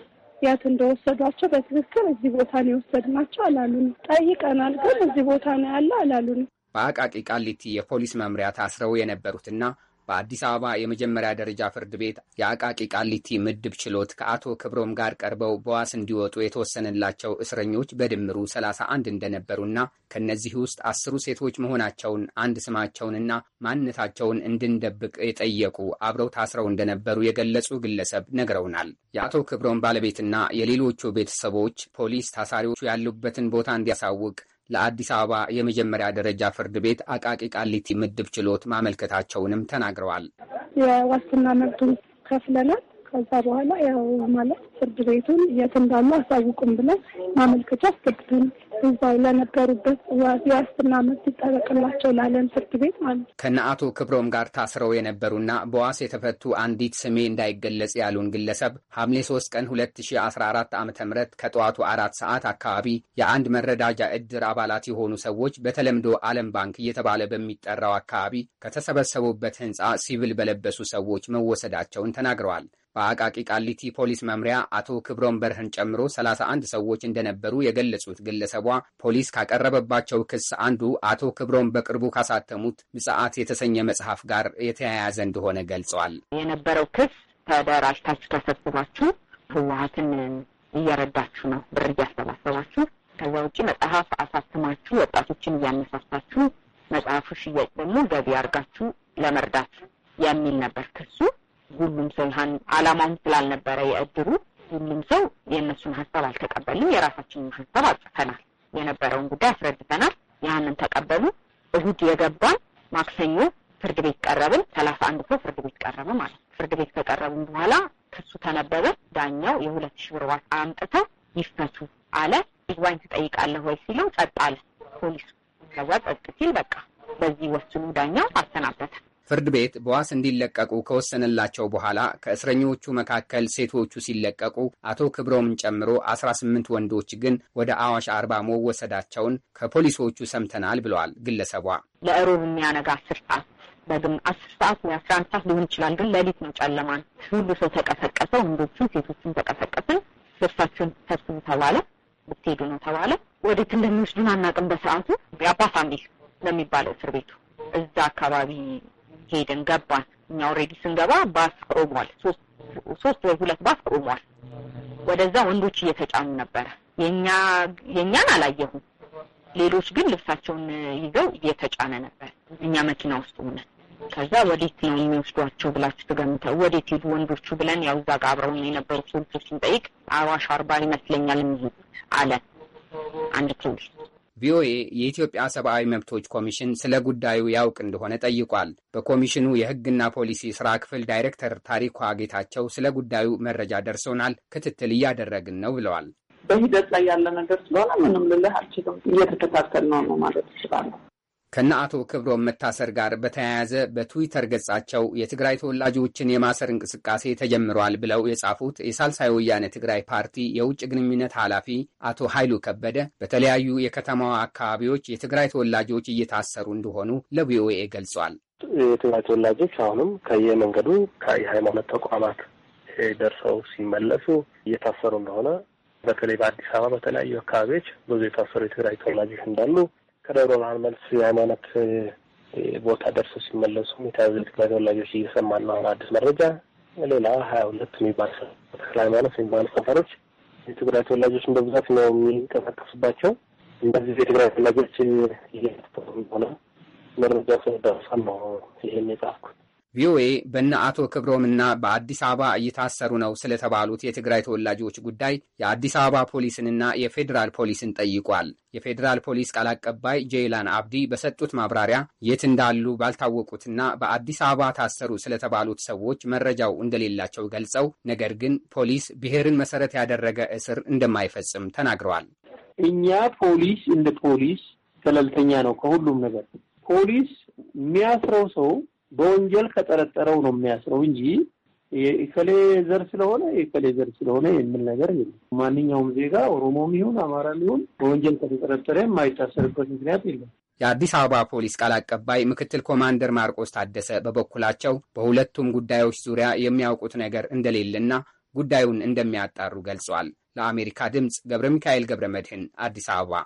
ያት እንደወሰዷቸው በትክክል እዚህ ቦታ ነው የወሰድናቸው አላሉን። ጠይቀናል፣ ግን እዚህ ቦታ ነው ያለ አላሉን። በአቃቂ ቃሊቲ የፖሊስ መምሪያ ታስረው የነበሩትና በአዲስ አበባ የመጀመሪያ ደረጃ ፍርድ ቤት የአቃቂ ቃሊቲ ምድብ ችሎት ከአቶ ክብሮም ጋር ቀርበው በዋስ እንዲወጡ የተወሰነላቸው እስረኞች በድምሩ 31 እንደነበሩና ከእነዚህ ውስጥ አስሩ ሴቶች መሆናቸውን አንድ ስማቸውንና ማንነታቸውን እንድንደብቅ የጠየቁ አብረው ታስረው እንደነበሩ የገለጹ ግለሰብ ነግረውናል። የአቶ ክብሮም ባለቤትና የሌሎቹ ቤተሰቦች ፖሊስ ታሳሪዎቹ ያሉበትን ቦታ እንዲያሳውቅ ለአዲስ አበባ የመጀመሪያ ደረጃ ፍርድ ቤት አቃቂ ቃሊቲ ምድብ ችሎት ማመልከታቸውንም ተናግረዋል። የዋስትና መብቱን ከፍለናል። ከዛ በኋላ ያው ማለት ፍርድ ቤቱን የት እንዳሉ አሳውቁም ብለን ማመልከቻ አስገብተን እዛው ለነበሩበት የዋስትና መብት ይጠበቅላቸው ላለን ፍርድ ቤት ማለት ነው። ከነ አቶ ክብሮም ጋር ታስረው የነበሩና በዋስ የተፈቱ አንዲት ስሜ እንዳይገለጽ ያሉን ግለሰብ ሐምሌ 3 ቀን 2014 ዓ ም ከጠዋቱ አራት ሰዓት አካባቢ የአንድ መረዳጃ ዕድር አባላት የሆኑ ሰዎች በተለምዶ ዓለም ባንክ እየተባለ በሚጠራው አካባቢ ከተሰበሰቡበት ህንፃ ሲቪል በለበሱ ሰዎች መወሰዳቸውን ተናግረዋል። በአቃቂ ቃሊቲ ፖሊስ መምሪያ አቶ ክብሮም በርህን ጨምሮ 31 ሰዎች እንደነበሩ የገለጹት ግለሰቧ ፖሊስ ካቀረበባቸው ክስ አንዱ አቶ ክብሮም በቅርቡ ካሳተሙት ምጽአት የተሰኘ መጽሐፍ ጋር የተያያዘ እንደሆነ ገልጸዋል። የነበረው ክስ ተደራጅታችሁ ተሰብስባችሁ ህወሀትን እየረዳችሁ ነው፣ ብር እያሰባሰባችሁ ከዛ ውጭ መጽሐፍ አሳትማችሁ ወጣቶችን እያነሳሳችሁ መጽሐፉ ሽያጭ ደግሞ ገቢ አድርጋችሁ ለመርዳት የሚል ነበር ክሱ። ሁሉም ሰው ይህን አላማውን ስላልነበረ የእድሩ ሁሉም ሰው የእነሱን ሀሳብ አልተቀበልም የራሳችንን ሀሳብ አጽፈናል። የነበረውን ጉዳይ አስረድተናል። ያንን ተቀበሉ። እሁድ የገባን ማክሰኞ ፍርድ ቤት ቀረብን። ሰላሳ አንድ ሰው ፍርድ ቤት ቀረበ ማለት ነው። ፍርድ ቤት ከቀረብን በኋላ ክሱ ተነበበ። ዳኛው የሁለት ሺህ ብር ዋስ አምጥተው ይፈቱ አለ። ይግባኝ ትጠይቃለህ ወይ ሲለው ጸጥ አለ ፖሊሱ። ከዛ ጸጥ ሲል በቃ በዚህ ወስኑ ዳኛው አሰናበተ። ፍርድ ቤት በዋስ እንዲለቀቁ ከወሰነላቸው በኋላ ከእስረኞቹ መካከል ሴቶቹ ሲለቀቁ አቶ ክብሮምን ጨምሮ 18 ወንዶች ግን ወደ አዋሽ አርባ መወሰዳቸውን ከፖሊሶቹ ሰምተናል ብለዋል ግለሰቧ። ለእሮብ የሚያነጋ አስር ሰዓት በግም አስር ሰዓት ወይ አስራ አንድ ሰዓት ሊሆን ይችላል። ግን ለሊት ነው፣ ጨለማን ሁሉ ሰው ተቀሰቀሰ። ወንዶቹን ሴቶቹን ተቀሰቀስን። ልብሳችሁን ተስም ተባለ። ብትሄዱ ነው ተባለ። ወዴት እንደሚወስዱን አናውቅም። በሰዓቱ የአባ ሳምቤል ለሚባለው እስር ቤቱ እዛ አካባቢ ሄደን ገባን። እኛ ኦልሬዲ ስንገባ ባስ ቆሟል። ሶስት ወይ ሁለት ባስ ቆሟል። ወደዛ ወንዶች እየተጫኑ ነበረ። የኛ የእኛን አላየሁም። ሌሎች ግን ልብሳቸውን ይዘው እየተጫነ ነበር። እኛ መኪና ውስጥ ሆነን ከዛ ወዴት ነው የሚወስዷቸው ብላችሁ ትገምተ ወዴት ሄዱ ወንዶቹ ብለን ያው እዛ ጋር አብረውን የነበሩ ፖሊሶችን ጠይቅ አዋሽ አርባ ይመስለኛል የሚሄዱ አለ አንድ ፖሊስ ቪኦኤ የኢትዮጵያ ሰብአዊ መብቶች ኮሚሽን ስለ ጉዳዩ ያውቅ እንደሆነ ጠይቋል። በኮሚሽኑ የሕግና ፖሊሲ ስራ ክፍል ዳይሬክተር ታሪኳ ጌታቸው ስለ ጉዳዩ መረጃ ደርሶናል፣ ክትትል እያደረግን ነው ብለዋል። በሂደት ላይ ያለ ነገር ስለሆነ ምንም ልልህ አልችልም። እየተከታተል ነው ነው ማለት ይችላለሁ። ከነ አቶ ክብሮም መታሰር ጋር በተያያዘ በትዊተር ገጻቸው የትግራይ ተወላጆችን የማሰር እንቅስቃሴ ተጀምሯል ብለው የጻፉት የሳልሳይ ወያነ ትግራይ ፓርቲ የውጭ ግንኙነት ኃላፊ አቶ ኃይሉ ከበደ በተለያዩ የከተማዋ አካባቢዎች የትግራይ ተወላጆች እየታሰሩ እንደሆኑ ለቪኦኤ ገልጿል። የትግራይ ተወላጆች አሁንም ከየመንገዱ ከየሃይማኖት ተቋማት ደርሰው ሲመለሱ እየታሰሩ እንደሆነ በተለይ በአዲስ አበባ በተለያዩ አካባቢዎች ብዙ የታሰሩ የትግራይ ተወላጆች እንዳሉ ከደብረ ብርሃን መልስ የሃይማኖት ቦታ ደርሶ ሲመለሱ የተያዘ ትግራይ ተወላጆች እየሰማን ነው። አዲስ መረጃ ሌላ ሀያ ሁለት የሚባል ተክለ ሃይማኖት የሚባሉ ሰፈሮች የትግራይ ተወላጆችን በብዛት ነው የሚንቀሳቀሱባቸው። እንደዚህ የትግራይ ተወላጆች እየሆነ መረጃ ስለደረሰን ነው ይህን የጻፍኩት። ቪኦኤ በነ አቶ ክብሮምና በአዲስ አበባ እየታሰሩ ነው ስለተባሉት የትግራይ ተወላጆች ጉዳይ የአዲስ አበባ ፖሊስንና የፌዴራል ፖሊስን ጠይቋል። የፌዴራል ፖሊስ ቃል አቀባይ ጄይላን አብዲ በሰጡት ማብራሪያ የት እንዳሉ ባልታወቁትና በአዲስ አበባ ታሰሩ ስለተባሉት ሰዎች መረጃው እንደሌላቸው ገልጸው፣ ነገር ግን ፖሊስ ብሔርን መሰረት ያደረገ እስር እንደማይፈጽም ተናግረዋል። እኛ ፖሊስ እንደ ፖሊስ ገለልተኛ ነው ከሁሉም ነገር ፖሊስ የሚያስረው ሰው በወንጀል ከጠረጠረው ነው የሚያስረው እንጂ የከሌ ዘር ስለሆነ የከሌ ዘር ስለሆነ የሚል ነገር የለም። ማንኛውም ዜጋ ኦሮሞም ይሁን አማራም ይሁን በወንጀል ከተጠረጠረ የማይታሰርበት ምክንያት የለም። የአዲስ አበባ ፖሊስ ቃል አቀባይ ምክትል ኮማንደር ማርቆስ ታደሰ በበኩላቸው በሁለቱም ጉዳዮች ዙሪያ የሚያውቁት ነገር እንደሌለና ጉዳዩን እንደሚያጣሩ ገልጿል። ለአሜሪካ ድምፅ ገብረ ሚካኤል ገብረ መድህን አዲስ አበባ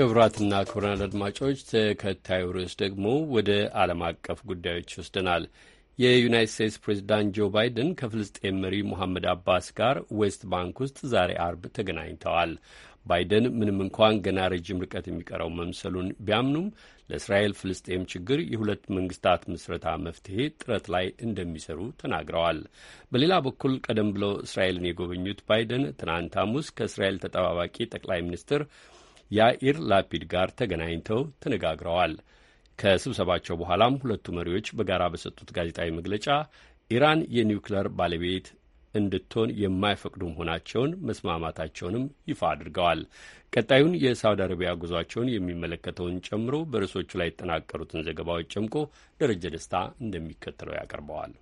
ክቡራትና ክቡራን አድማጮች ተከታዩ ርዕስ ደግሞ ወደ ዓለም አቀፍ ጉዳዮች ይወስደናል። የዩናይት ስቴትስ ፕሬዚዳንት ጆ ባይደን ከፍልስጤን መሪ ሙሐመድ አባስ ጋር ዌስት ባንክ ውስጥ ዛሬ አርብ ተገናኝተዋል። ባይደን ምንም እንኳን ገና ረጅም ርቀት የሚቀረው መምሰሉን ቢያምኑም ለእስራኤል ፍልስጤም ችግር የሁለት መንግስታት ምስረታ መፍትሄ ጥረት ላይ እንደሚሰሩ ተናግረዋል። በሌላ በኩል ቀደም ብለው እስራኤልን የጎበኙት ባይደን ትናንት ሐሙስ ከእስራኤል ተጠባባቂ ጠቅላይ ሚኒስትር ያኢር ላፒድ ጋር ተገናኝተው ተነጋግረዋል። ከስብሰባቸው በኋላም ሁለቱ መሪዎች በጋራ በሰጡት ጋዜጣዊ መግለጫ ኢራን የኒውክለር ባለቤት እንድትሆን የማይፈቅዱ መሆናቸውን መስማማታቸውንም ይፋ አድርገዋል። ቀጣዩን የሳውዲ አረቢያ ጉዟቸውን የሚመለከተውን ጨምሮ በርዕሶቹ ላይ የተጠናቀሩትን ዘገባዎች ጨምቆ ደረጀ ደስታ እንደሚከተለው ያቀርበዋል።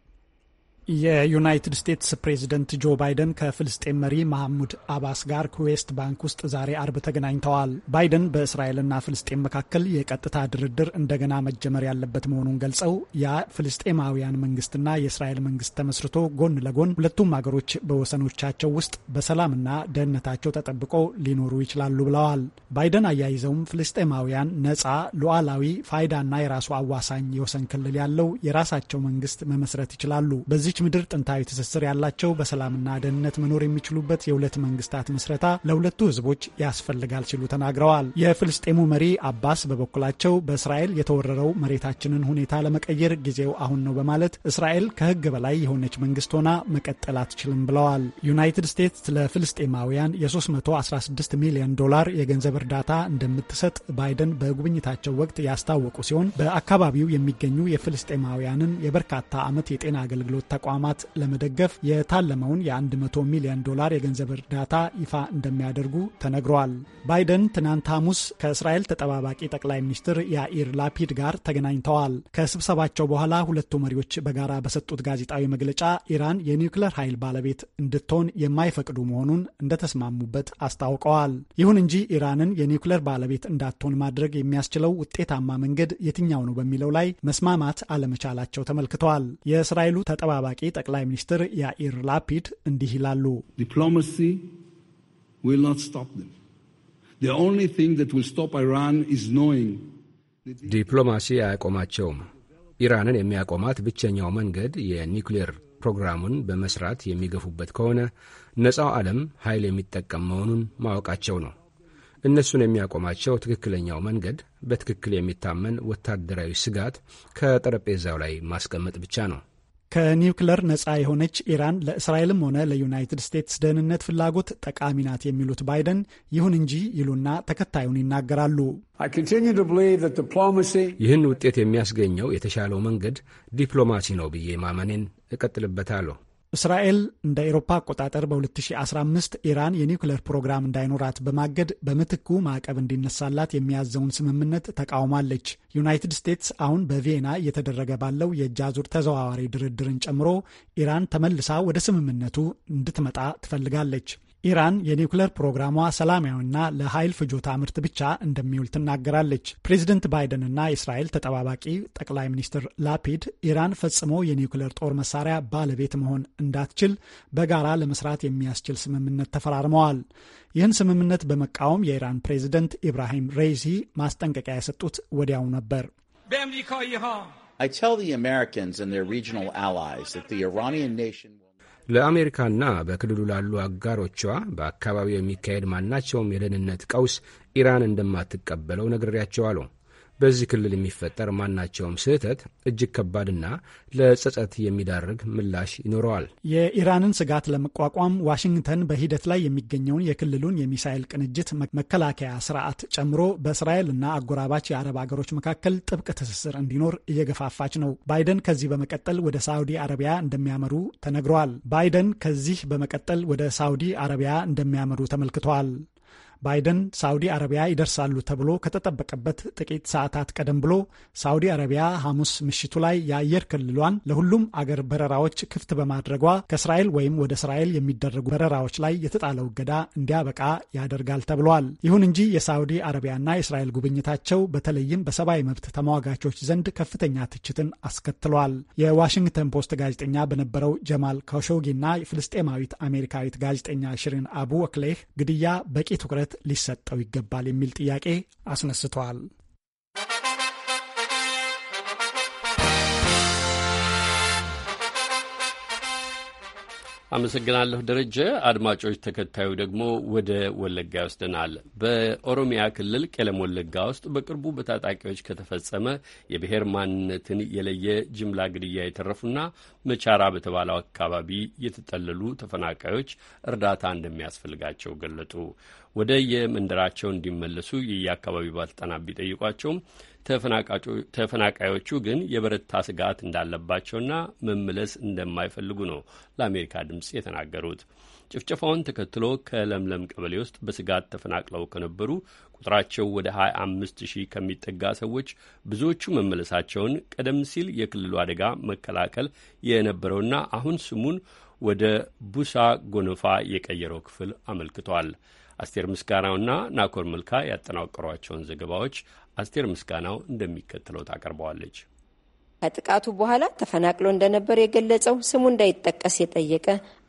የዩናይትድ ስቴትስ ፕሬዝደንት ጆ ባይደን ከፍልስጤም መሪ መሐሙድ አባስ ጋር ኩዌስት ባንክ ውስጥ ዛሬ አርብ ተገናኝተዋል። ባይደን በእስራኤልና ፍልስጤም መካከል የቀጥታ ድርድር እንደገና መጀመር ያለበት መሆኑን ገልጸው ያ ፍልስጤማውያን መንግስትና የእስራኤል መንግስት ተመስርቶ ጎን ለጎን ሁለቱም አገሮች በወሰኖቻቸው ውስጥ በሰላምና ደህንነታቸው ተጠብቀው ሊኖሩ ይችላሉ ብለዋል። ባይደን አያይዘውም ፍልስጤማውያን ነጻ፣ ሉዓላዊ፣ ፋይዳና የራሱ አዋሳኝ የወሰን ክልል ያለው የራሳቸው መንግስት መመስረት ይችላሉ በዚህ በዚች ምድር ጥንታዊ ትስስር ያላቸው በሰላምና ደህንነት መኖር የሚችሉበት የሁለት መንግስታት ምስረታ ለሁለቱ ህዝቦች ያስፈልጋል ሲሉ ተናግረዋል። የፍልስጤሙ መሪ አባስ በበኩላቸው በእስራኤል የተወረረው መሬታችንን ሁኔታ ለመቀየር ጊዜው አሁን ነው በማለት እስራኤል ከህግ በላይ የሆነች መንግስት ሆና መቀጠል አትችልም ብለዋል። ዩናይትድ ስቴትስ ለፍልስጤማውያን የ316 ሚሊዮን ዶላር የገንዘብ እርዳታ እንደምትሰጥ ባይደን በጉብኝታቸው ወቅት ያስታወቁ ሲሆን በአካባቢው የሚገኙ የፍልስጤማውያንን የበርካታ ዓመት የጤና አገልግሎት ተቋ ተቋማት ለመደገፍ የታለመውን የ100 ሚሊዮን ዶላር የገንዘብ እርዳታ ይፋ እንደሚያደርጉ ተነግረዋል። ባይደን ትናንት ሐሙስ ከእስራኤል ተጠባባቂ ጠቅላይ ሚኒስትር ያኢር ላፒድ ጋር ተገናኝተዋል። ከስብሰባቸው በኋላ ሁለቱ መሪዎች በጋራ በሰጡት ጋዜጣዊ መግለጫ ኢራን የኒውክለር ኃይል ባለቤት እንድትሆን የማይፈቅዱ መሆኑን እንደተስማሙበት አስታውቀዋል። ይሁን እንጂ ኢራንን የኒውክለር ባለቤት እንዳትሆን ማድረግ የሚያስችለው ውጤታማ መንገድ የትኛው ነው በሚለው ላይ መስማማት አለመቻላቸው ተመልክተዋል። የእስራኤሉ ተጠባባቂ ተጠባባቂ ጠቅላይ ሚኒስትር ያኢር ላፒድ እንዲህ ይላሉ። ዲፕሎማሲ አያቆማቸውም። ኢራንን የሚያቆማት ብቸኛው መንገድ የኒውክሌር ፕሮግራሙን በመስራት የሚገፉበት ከሆነ ነፃው ዓለም ኃይል የሚጠቀም መሆኑን ማወቃቸው ነው። እነሱን የሚያቆማቸው ትክክለኛው መንገድ በትክክል የሚታመን ወታደራዊ ስጋት ከጠረጴዛው ላይ ማስቀመጥ ብቻ ነው። ከኒውክለር ነጻ የሆነች ኢራን ለእስራኤልም ሆነ ለዩናይትድ ስቴትስ ደህንነት ፍላጎት ጠቃሚ ናት የሚሉት ባይደን ይሁን እንጂ ይሉና ተከታዩን ይናገራሉ። ይህን ውጤት የሚያስገኘው የተሻለው መንገድ ዲፕሎማሲ ነው ብዬ ማመኔን እቀጥልበታለሁ። እስራኤል እንደ ኤሮፓ አቆጣጠር በ2015 ኢራን የኒውክለር ፕሮግራም እንዳይኖራት በማገድ በምትኩ ማዕቀብ እንዲነሳላት የሚያዘውን ስምምነት ተቃውማለች። ዩናይትድ ስቴትስ አሁን በቪየና እየተደረገ ባለው የእጅ አዙር ተዘዋዋሪ ድርድርን ጨምሮ ኢራን ተመልሳ ወደ ስምምነቱ እንድትመጣ ትፈልጋለች። ኢራን የኒውክለር ፕሮግራሟ ሰላማዊና ለኃይል ፍጆታ ምርት ብቻ እንደሚውል ትናገራለች። ፕሬዚደንት ባይደንና የእስራኤል ተጠባባቂ ጠቅላይ ሚኒስትር ላፒድ ኢራን ፈጽሞ የኒውክለር ጦር መሳሪያ ባለቤት መሆን እንዳትችል በጋራ ለመስራት የሚያስችል ስምምነት ተፈራርመዋል። ይህን ስምምነት በመቃወም የኢራን ፕሬዚደንት ኢብራሂም ሬይሲ ማስጠንቀቂያ የሰጡት ወዲያው ነበር። I tell the Americans and their regional allies that the Iranian nation ለአሜሪካና በክልሉ ላሉ አጋሮቿ በአካባቢው የሚካሄድ ማናቸውም የደህንነት ቀውስ ኢራን እንደማትቀበለው ነግሬያቸዋለሁ። በዚህ ክልል የሚፈጠር ማናቸውም ስህተት እጅግ ከባድና ለጸጸት የሚዳርግ ምላሽ ይኖረዋል። የኢራንን ስጋት ለመቋቋም ዋሽንግተን በሂደት ላይ የሚገኘውን የክልሉን የሚሳኤል ቅንጅት መከላከያ ስርዓት ጨምሮ በእስራኤል እና አጎራባች የአረብ አገሮች መካከል ጥብቅ ትስስር እንዲኖር እየገፋፋች ነው። ባይደን ከዚህ በመቀጠል ወደ ሳውዲ አረቢያ እንደሚያመሩ ተነግረዋል። ባይደን ከዚህ በመቀጠል ወደ ሳውዲ አረቢያ እንደሚያመሩ ተመልክተዋል። ባይደን ሳውዲ አረቢያ ይደርሳሉ ተብሎ ከተጠበቀበት ጥቂት ሰዓታት ቀደም ብሎ ሳውዲ አረቢያ ሐሙስ ምሽቱ ላይ የአየር ክልሏን ለሁሉም አገር በረራዎች ክፍት በማድረጓ ከእስራኤል ወይም ወደ እስራኤል የሚደረጉ በረራዎች ላይ የተጣለው እገዳ እንዲያበቃ ያደርጋል ተብሏል። ይሁን እንጂ የሳውዲ አረቢያና የእስራኤል ጉብኝታቸው በተለይም በሰብአዊ መብት ተሟጋቾች ዘንድ ከፍተኛ ትችትን አስከትሏል። የዋሽንግተን ፖስት ጋዜጠኛ በነበረው ጀማል ካሾጊና የፍልስጤማዊት አሜሪካዊት ጋዜጠኛ ሽሪን አቡ ወክሌህ ግድያ በቂ ትኩረት ትኩረት ሊሰጠው ይገባል የሚል ጥያቄ አስነስተዋል። አመሰግናለሁ ደረጀ። አድማጮች፣ ተከታዩ ደግሞ ወደ ወለጋ ይወስደናል። በኦሮሚያ ክልል ቄለም ወለጋ ውስጥ በቅርቡ በታጣቂዎች ከተፈጸመ የብሔር ማንነትን የለየ ጅምላ ግድያ የተረፉና መቻራ በተባለው አካባቢ የተጠለሉ ተፈናቃዮች እርዳታ እንደሚያስፈልጋቸው ገለጡ። ወደ የመንደራቸው እንዲመለሱ የየአካባቢው ባለስልጣናት ቢጠይቋቸውም ተፈናቃዮቹ ግን የበረታ ስጋት እንዳለባቸውና መመለስ እንደማይፈልጉ ነው ለአሜሪካ ድምፅ የተናገሩት። ጭፍጨፋውን ተከትሎ ከለምለም ቀበሌ ውስጥ በስጋት ተፈናቅለው ከነበሩ ቁጥራቸው ወደ 25 ሺህ ከሚጠጋ ሰዎች ብዙዎቹ መመለሳቸውን ቀደም ሲል የክልሉ አደጋ መከላከል የነበረውና አሁን ስሙን ወደ ቡሳ ጎነፋ የቀየረው ክፍል አመልክቷል። አስቴር ምስጋናውና ናኮር መልካ ያጠናቀሯቸውን ዘገባዎች አስቴር ምስጋናው እንደሚከተለው ታቀርበዋለች። ከጥቃቱ በኋላ ተፈናቅሎ እንደነበር የገለጸው ስሙ እንዳይጠቀስ የጠየቀ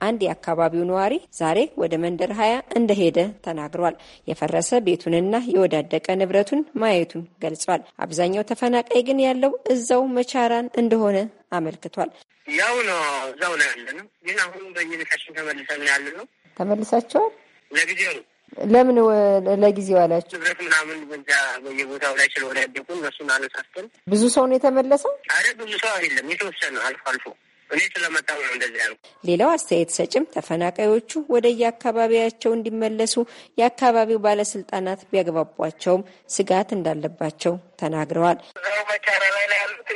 አንድ የአካባቢው ነዋሪ ዛሬ ወደ መንደር ሀያ እንደሄደ ተናግሯል። የፈረሰ ቤቱንና የወዳደቀ ንብረቱን ማየቱን ገልጿል። አብዛኛው ተፈናቃይ ግን ያለው እዛው መቻራን እንደሆነ አመልክቷል። ያው ነው እዛው ነው ያለ ነው። ግን አሁን በየቤታችን ተመልሰን ያለ ነው። ተመልሳቸዋል ለጊዜው ለምን ለጊዜው አላችሁ? ህብረት ምናምን በዛ በየቦታው ላይ ስለሆነ ያደጉን በሱን አነሳስተን ብዙ ሰው ነው የተመለሰው። አረ ብዙ ሰው አይደለም የተወሰነ አልፎ አልፎ እኔ ስለመጣሁ ነው እንደዚህ ያልኩ። ሌላው አስተያየት ሰጭም ተፈናቃዮቹ ወደ የአካባቢያቸው እንዲመለሱ የአካባቢው ባለስልጣናት ቢያግባቧቸውም ስጋት እንዳለባቸው ተናግረዋል። ሰው መቻራ ላይ ያሉት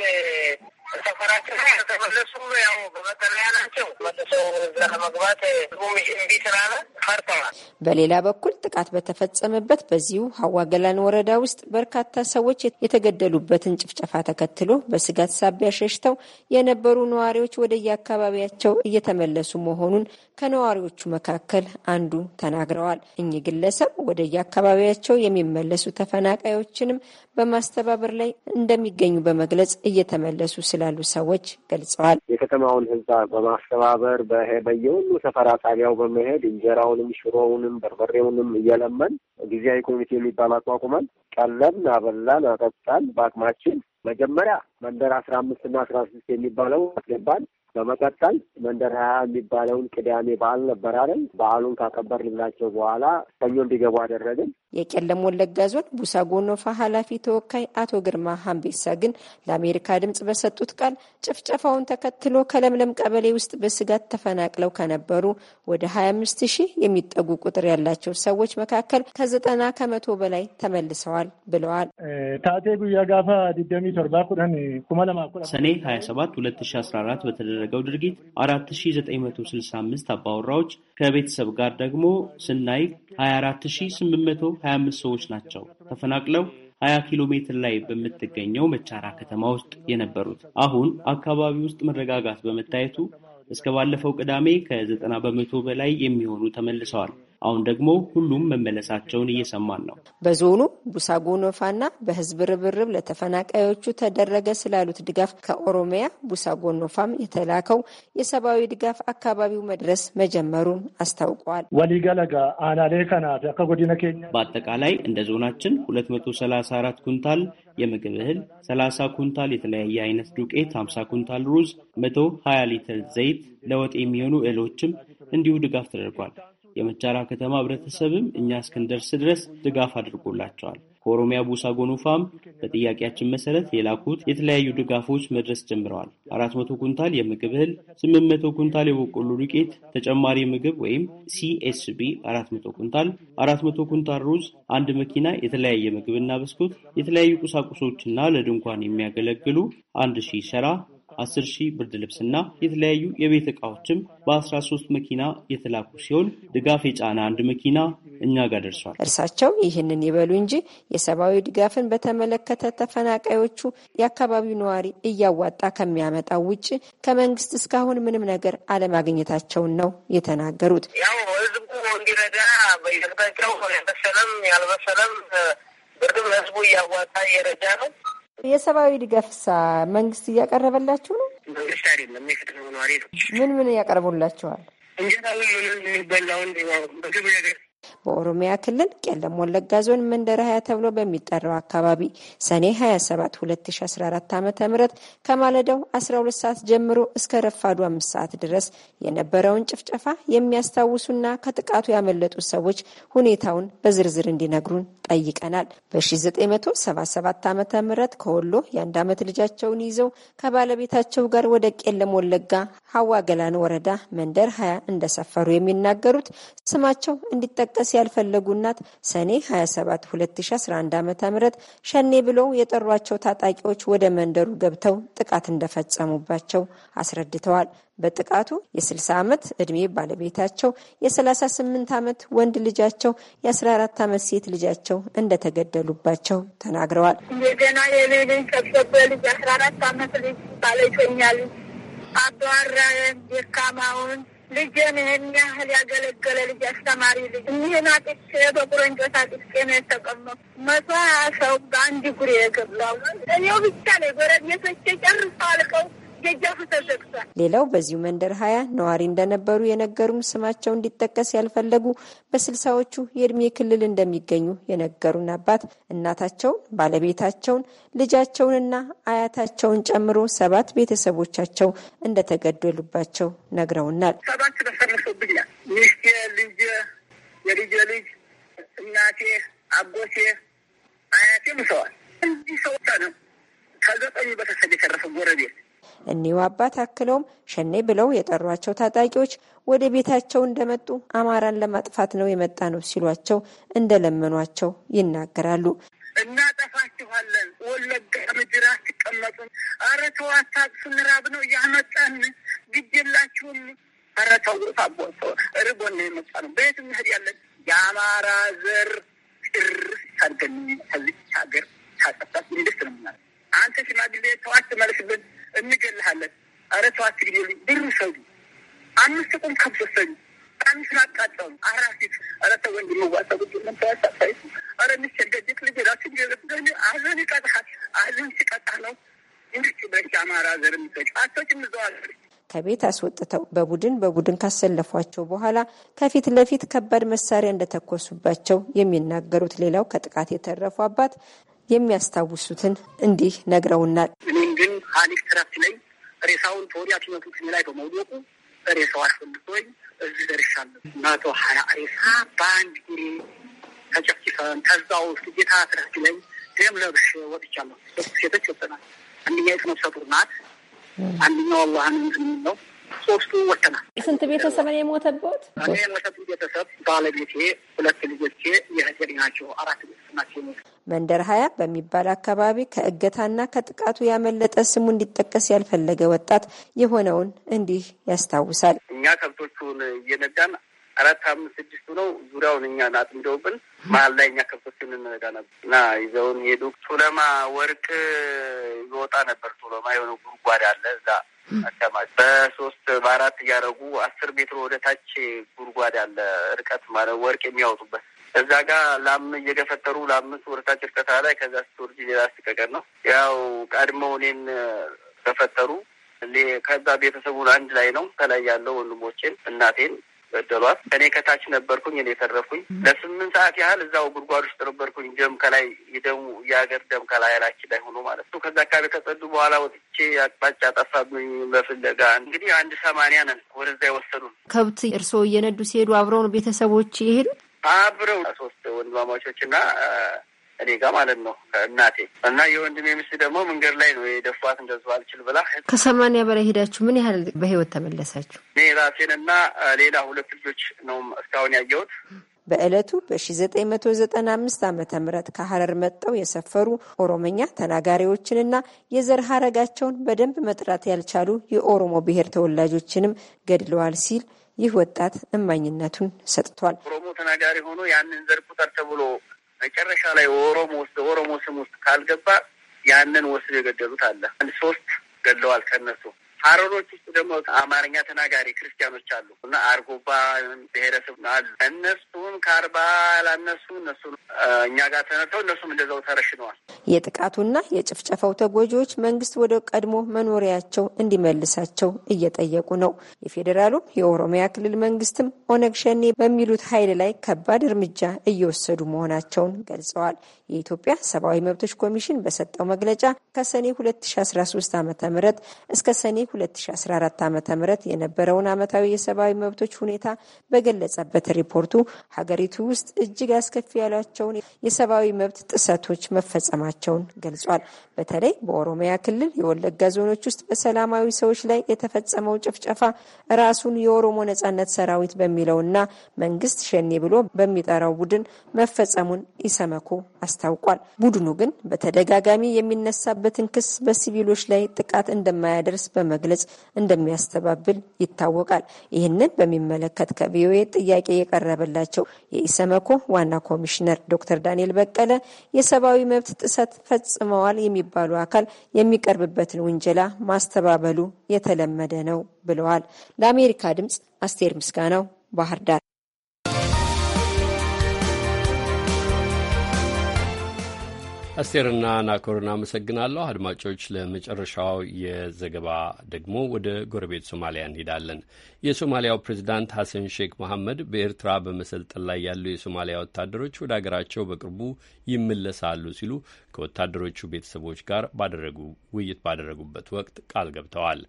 ያው በመጠለያ ናቸው። እዛ ለመግባት እምቢ ስላለ ፈርተዋል። በሌላ በኩል ጥቃት በተፈጸመበት በዚሁ ሀዋ ገላን ወረዳ ውስጥ በርካታ ሰዎች የተገደሉበትን ጭፍጨፋ ተከትሎ በስጋት ሳቢያ ሸሽተው የነበሩ ነዋሪዎች ወደየአካባቢያቸው እየተመለሱ መሆኑን ከነዋሪዎቹ መካከል አንዱ ተናግረዋል። እኚህ ግለሰብ ወደ የአካባቢያቸው የሚመለሱ ተፈናቃዮችንም በማስተባበር ላይ እንደሚገኙ በመግለጽ እየተመለሱ ስላሉ ሰዎች ገልጸዋል። የከተማውን ሕዝብ በማስተባበር በየሁሉ ሰፈራ ጣቢያው በመሄድ እንጀራውንም፣ ሽሮውንም፣ በርበሬውንም እየለመን ጊዜያዊ ኮሚቴ የሚባል አቋቁመን ቀለብን፣ አበላን፣ አጠጣን በአቅማችን መጀመሪያ መንደር አስራ አምስት እና አስራ ስድስት የሚባለው አስገባን። በመቀጠል መንደር ሀያ የሚባለውን ቅዳሜ በዓል ነበር አይደል? በዓሉን ካከበር ብላቸው በኋላ ሰኞ እንዲገቡ አደረግን። የቄለም ወለጋ ዞን ቡሳ ጎኖፋ ኃላፊ ተወካይ አቶ ግርማ ሀምቤሳ ግን ለአሜሪካ ድምጽ በሰጡት ቃል ጭፍጨፋውን ተከትሎ ከለምለም ቀበሌ ውስጥ በስጋት ተፈናቅለው ከነበሩ ወደ 25 ሺህ የሚጠጉ ቁጥር ያላቸው ሰዎች መካከል ከዘጠና ከመቶ በላይ ተመልሰዋል ብለዋል። ታቴ ጉያ ጋፋ ድደሚ ቶርባ ቁዳን ኩመለማ ሰኔ 27 2014 በተደረገው ድርጊት 4965 አባወራዎች ከቤተሰብ ጋር ደግሞ ስናይ 24800 25 ሰዎች ናቸው ተፈናቅለው 20 ኪሎ ሜትር ላይ በምትገኘው መቻራ ከተማ ውስጥ የነበሩት። አሁን አካባቢ ውስጥ መረጋጋት በመታየቱ እስከ ባለፈው ቅዳሜ ከ90 በመቶ በላይ የሚሆኑ ተመልሰዋል። አሁን ደግሞ ሁሉም መመለሳቸውን እየሰማን ነው። በዞኑ ቡሳጎኖፋና በህዝብ ርብርብ ለተፈናቃዮቹ ተደረገ ስላሉት ድጋፍ ከኦሮሚያ ቡሳጎኖፋም የተላከው የሰብአዊ ድጋፍ አካባቢው መድረስ መጀመሩን አስታውቀዋል። ወሊገለጋ አናሌ ኬኛ በአጠቃላይ እንደ ዞናችን 234 ኩንታል የምግብ እህል፣ 30 ኩንታል የተለያየ አይነት ዱቄት፣ 50 ኩንታል ሩዝ፣ 120 ሊትር ዘይት፣ ለወጥ የሚሆኑ እህሎችም እንዲሁ ድጋፍ ተደርጓል። የመቻራ ከተማ ህብረተሰብም እኛ እስክንደርስ ድረስ ድጋፍ አድርጎላቸዋል። ከኦሮሚያ ቡሳ ጎኖፋም በጥያቄያችን መሰረት የላኩት የተለያዩ ድጋፎች መድረስ ጀምረዋል። አራት መቶ ኩንታል የምግብ እህል፣ ስምንት መቶ ኩንታል የበቆሎ ዱቄት፣ ተጨማሪ ምግብ ወይም ሲኤስቢ አራት መቶ ኩንታል፣ አራት መቶ ኩንታል ሩዝ፣ አንድ መኪና የተለያየ ምግብና ብስኩት፣ የተለያዩ ቁሳቁሶችና ለድንኳን የሚያገለግሉ አንድ ሺህ ሸራ 10 ሺህ ብርድ ልብስና የተለያዩ የቤት እቃዎችም በ13 መኪና የተላኩ ሲሆን ድጋፍ የጫነ አንድ መኪና እኛ ጋር ደርሷል። እርሳቸው ይህንን ይበሉ እንጂ የሰብአዊ ድጋፍን በተመለከተ ተፈናቃዮቹ የአካባቢው ነዋሪ እያዋጣ ከሚያመጣው ውጭ ከመንግስት እስካሁን ምንም ነገር አለማግኘታቸውን ነው የተናገሩት። ያው ህዝቡ እንዲረዳ በየቅታቸው የበሰለም ያልበሰለም ብርድም ህዝቡ እያዋጣ እየረዳ ነው የሰብአዊ ድጋፍሳ መንግስት እያቀረበላችሁ ነው? መንግስት አይደለም የከተማ ነዋሪ ነው። ምን ምን እያቀርቡላችኋል? እንጀራ ምን ምን የሚበላውን ምግብ ነገር በኦሮሚያ ክልል ቄለም ወለጋ ዞን መንደር ሀያ ተብሎ በሚጠራው አካባቢ ሰኔ 27 2014 ዓ ም ከማለዳው 12 ሰዓት ጀምሮ እስከ ረፋዱ አምስት ሰዓት ድረስ የነበረውን ጭፍጨፋ የሚያስታውሱና ከጥቃቱ ያመለጡ ሰዎች ሁኔታውን በዝርዝር እንዲነግሩን ጠይቀናል። በ1977 ዓ ም ከወሎ የአንድ ዓመት ልጃቸውን ይዘው ከባለቤታቸው ጋር ወደ ቄለም ወለጋ ሀዋ ገላን ወረዳ መንደር ሀያ እንደሰፈሩ የሚናገሩት ስማቸው እንዲጠቀ እንዲጠቀስ ያልፈለጉ እናት ሰኔ 27 2011 ዓ.ም ሸኔ ብለው የጠሯቸው ታጣቂዎች ወደ መንደሩ ገብተው ጥቃት እንደፈጸሙባቸው አስረድተዋል። በጥቃቱ የ60 ዓመት ዕድሜ ባለቤታቸው፣ የ38 ዓመት ወንድ ልጃቸው፣ የ14 ዓመት ሴት ልጃቸው እንደተገደሉባቸው ተናግረዋል። እንደገና የኔ ልጅ ልጅ 14 ዓመት ልጅ ባለይቶኛል አባራ ደካማውን ልጄን ይህን ያህል ያገለገለ ልጅ አስተማሪ ልጅ እኒህን አጥቼ በቁረንጆት አጥቼ ነው የተቀመጥኩት። መቶ ሀያ ሰው በአንድ ጉሬ የገባው እኔው ብቻ ላይ ጎረቤቶቼ ጨርሰው አልቀው ደጃፉ ተዘግቷል። ሌላው በዚሁ መንደር ሀያ ነዋሪ እንደነበሩ የነገሩም ስማቸው እንዲጠቀስ ያልፈለጉ በስልሳዎቹ የእድሜ ክልል እንደሚገኙ የነገሩን አባት እናታቸውን፣ ባለቤታቸውን፣ ልጃቸውንና አያታቸውን ጨምሮ ሰባት ቤተሰቦቻቸው እንደተገደሉባቸው ነግረውናል። ሰባት ተሰልፎብኛል። ሚስቴ፣ ልጅ፣ የልጅ ልጅ፣ እናቴ፣ አጎቴ፣ አያቴ ምሰዋል። እንዲህ ሰው ነው ከዘጠኝ በተሰብ የተረፈ ጎረቤት እኒው አባት አክለውም ሸኔ ብለው የጠሯቸው ታጣቂዎች ወደ ቤታቸው እንደመጡ አማራን ለማጥፋት ነው የመጣ ነው ሲሏቸው እንደለመኗቸው ይናገራሉ። እናጠፋችኋለን፣ ወለጋ ምድር አትቀመጡም፣ ኧረ ተው አታጥፉን፣ ራብ ነው እያመጣን ግድ የላችሁም፣ ኧረ ተው ታቦቶ ርቦን ነው የመጣ ነው በየት ምሄድ ያለን የአማራ ዘር ጭር ሳድገን ከዚች ሀገር ታጠፋት እንድስት ነው ምናለ አንተ ሽማግሌ ተዋት መልስብን እንገልሃለን። ኧረ ተው አትግደሉ፣ ብር ሰዱ፣ አምስት ቁም ከብት ወሰዱ፣ ቀሚስ አቃጠሉ፣ አራሲት ኧረ ተው ወንድ መዋሰቡ ሰሳይሱ ኧረ ሚስደደቅ ልጅ ራሱ አዘን ይቀጥሃል። አዘን ሲቀጣ ነው እንግዲህ በሽ አማራ ዘር ምሰጭ አቶች ምዘዋል ከቤት አስወጥተው በቡድን በቡድን ካሰለፏቸው በኋላ ከፊት ለፊት ከባድ መሳሪያ እንደተኮሱባቸው የሚናገሩት ሌላው ከጥቃት የተረፉ አባት የሚያስታውሱትን እንዲህ ነግረውናል። እኔም ግን ሀሊክ ትረፍት ላይ ሬሳውን ተወዲያ ሲመቱት ላይ በመውደቁ ሬሳው አስፈልቶኝ እዚህ ደርሻለሁ። መቶ ሀያ ሬሳ በአንድ ጊዜ ተጨፍጭፈን ከዛ ውስጥ ጌታ ትረፍት ላይ ደም ለብሽ ወጥቻለሁ። ሴቶች ወጥናል። አንደኛይቱ ነፍሰ ጡር ናት። አንደኛው አላህን ነው ሶስቱ ወጥተናል። ስንት ቤተሰብ ነው የሞተበት? እኔ የሞተብኝ ቤተሰብ ባለቤቴ፣ ሁለት ልጆቼ የህቴሪ ናቸው። አራት ቤተሰብ ናቸው የሞቱ መንደር ሀያ በሚባል አካባቢ ከእገታና ከጥቃቱ ያመለጠ ስሙ እንዲጠቀስ ያልፈለገ ወጣት የሆነውን እንዲህ ያስታውሳል። እኛ ከብቶቹን እየነዳን አራት አምስት ስድስት ነው ዙሪያውን እኛን አጥምደውብን መሀል ላይ እኛ ከብቶችን እንረዳ ነበር እና ይዘውን ሄዱ። ሱለማ ወርቅ ይወጣ ነበር። ሱለማ የሆነ ጉድጓድ አለ እዛ አካባቢ በሶስት በአራት እያደረጉ አስር ሜትር ወደ ታች ጉድጓድ አለ እርቀት ማለት ወርቅ የሚያወጡበት እዛ ጋር ላም እየገፈተሩ ለአምስት ወደ ታች እርቀታ ላይ ከዛ ስቶርጅ ሌላ አስቀቀን ነው ያው ቀድመው እኔን ገፈተሩ። ከዛ ቤተሰቡን አንድ ላይ ነው ከላይ ያለው ወንድሞቼን እናቴን ገደሏት። እኔ ከታች ነበርኩኝ፣ እኔ ተረፍኩኝ። ለስምንት ሰዓት ያህል እዛው ጉድጓድ ውስጥ ነበርኩኝ። ደም ከላይ የደሙ የሀገር ደም ከላይ ላችን ላይ ሆኖ ማለት ነው። ከዛ አካባቢ ከጸዱ በኋላ ወጥቼ አቅጣጫ ጠፋብኝ በፍለጋ እንግዲህ አንድ ሰማንያ ነን ወደዛ የወሰዱን። ከብት እርስዎ እየነዱ ሲሄዱ አብረውን ቤተሰቦች የሄዱት አብረው ሶስት ወንድማማቾች እና እኔ ጋር ማለት ነው እናቴ እና የወንድሜ ሚስት ደግሞ መንገድ ላይ ነው የደፏት እንደዚ አልችል ብላ። ከሰማንያ በላይ ሄዳችሁ ምን ያህል በህይወት ተመለሳችሁ? እኔ እና ሌላ ሁለት ልጆች ነው እስካሁን ያየሁት። በዕለቱ በ1995 ዓ ም ከሐረር መጥተው የሰፈሩ ኦሮመኛ ተናጋሪዎችንና የዘር ሐረጋቸውን በደንብ መጥራት ያልቻሉ የኦሮሞ ብሔር ተወላጆችንም ገድለዋል ሲል ይህ ወጣት እማኝነቱን ሰጥቷል። ኦሮሞ ተናጋሪ ሆኖ ያንን ዘር ቁጠር ተብሎ መጨረሻ ላይ ኦሮሞ ውስጥ ኦሮሞ ስም ውስጥ ካልገባ ያንን ወስዶ የገደሉት አለ። አንድ ሶስት ገድለዋል ከነሱ ሀረሮች ውስጥ ደግሞ አማርኛ ተናጋሪ ክርስቲያኖች አሉ እና አርጎባ ብሔረሰብ አሉ። እነሱም ከአርባ ላነሱ እነሱ እኛ ጋር ተነተው እነሱም እንደዛው ተረሽነዋል። የጥቃቱና የጭፍጨፋው ተጎጂዎች መንግስት ወደ ቀድሞ መኖሪያቸው እንዲመልሳቸው እየጠየቁ ነው። የፌዴራሉ የኦሮሚያ ክልል መንግስትም ኦነግ ሸኔ በሚሉት ኃይል ላይ ከባድ እርምጃ እየወሰዱ መሆናቸውን ገልጸዋል። የኢትዮጵያ ሰብአዊ መብቶች ኮሚሽን በሰጠው መግለጫ ከሰኔ 2013 ዓ ም እስከ ሰኔ 2014 ዓ ም የነበረውን ዓመታዊ የሰብአዊ መብቶች ሁኔታ በገለጸበት ሪፖርቱ ሀገሪቱ ውስጥ እጅግ አስከፊ ያሏቸውን የሰብአዊ መብት ጥሰቶች መፈጸማቸውን ገልጿል። በተለይ በኦሮሚያ ክልል የወለጋ ዞኖች ውስጥ በሰላማዊ ሰዎች ላይ የተፈጸመው ጭፍጨፋ ራሱን የኦሮሞ ነጻነት ሰራዊት በሚለውና መንግስት ሸኔ ብሎ በሚጠራው ቡድን መፈጸሙን ኢሰመኮ አስታ አስታውቋል። ቡድኑ ግን በተደጋጋሚ የሚነሳበትን ክስ በሲቪሎች ላይ ጥቃት እንደማያደርስ በመግለጽ እንደሚያስተባብል ይታወቃል። ይህንን በሚመለከት ከቪኦኤ ጥያቄ የቀረበላቸው የኢሰመኮ ዋና ኮሚሽነር ዶክተር ዳንኤል በቀለ የሰብአዊ መብት ጥሰት ፈጽመዋል የሚባሉ አካል የሚቀርብበትን ውንጀላ ማስተባበሉ የተለመደ ነው ብለዋል። ለአሜሪካ ድምጽ አስቴር ምስጋናው ባህር ዳር አስቴርና ናኮርን አመሰግናለሁ። አድማጮች፣ ለመጨረሻው የዘገባ ደግሞ ወደ ጎረቤት ሶማሊያ እንሄዳለን። የሶማሊያው ፕሬዚዳንት ሐሰን ሼክ መሐመድ በኤርትራ በመሰልጠን ላይ ያሉ የሶማሊያ ወታደሮች ወደ አገራቸው በቅርቡ ይመለሳሉ ሲሉ ከወታደሮቹ ቤተሰቦች ጋር ባደረጉ ውይይት ባደረጉበት ወቅት ቃል ገብተዋል።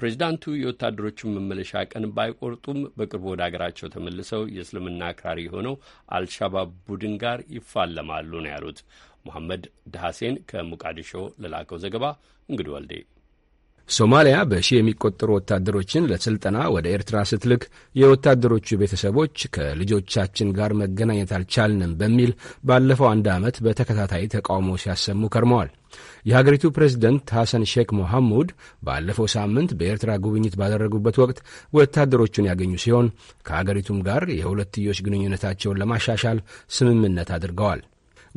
ፕሬዚዳንቱ የወታደሮቹን መመለሻ ቀን ባይቆርጡም በቅርቡ ወደ አገራቸው ተመልሰው የእስልምና አክራሪ የሆነው አልሻባብ ቡድን ጋር ይፋለማሉ ነው ያሉት። ሙሐመድ ደሐሴን ከሞቃዲሾ ለላከው ዘገባ እንግዲ ወልዴ ሶማሊያ በሺህ የሚቆጠሩ ወታደሮችን ለስልጠና ወደ ኤርትራ ስትልክ የወታደሮቹ ቤተሰቦች ከልጆቻችን ጋር መገናኘት አልቻልንም በሚል ባለፈው አንድ ዓመት በተከታታይ ተቃውሞ ሲያሰሙ ከርመዋል። የሀገሪቱ ፕሬዝደንት ሐሰን ሼክ ሞሐሙድ ባለፈው ሳምንት በኤርትራ ጉብኝት ባደረጉበት ወቅት ወታደሮቹን ያገኙ ሲሆን ከሀገሪቱም ጋር የሁለትዮሽ ግንኙነታቸውን ለማሻሻል ስምምነት አድርገዋል።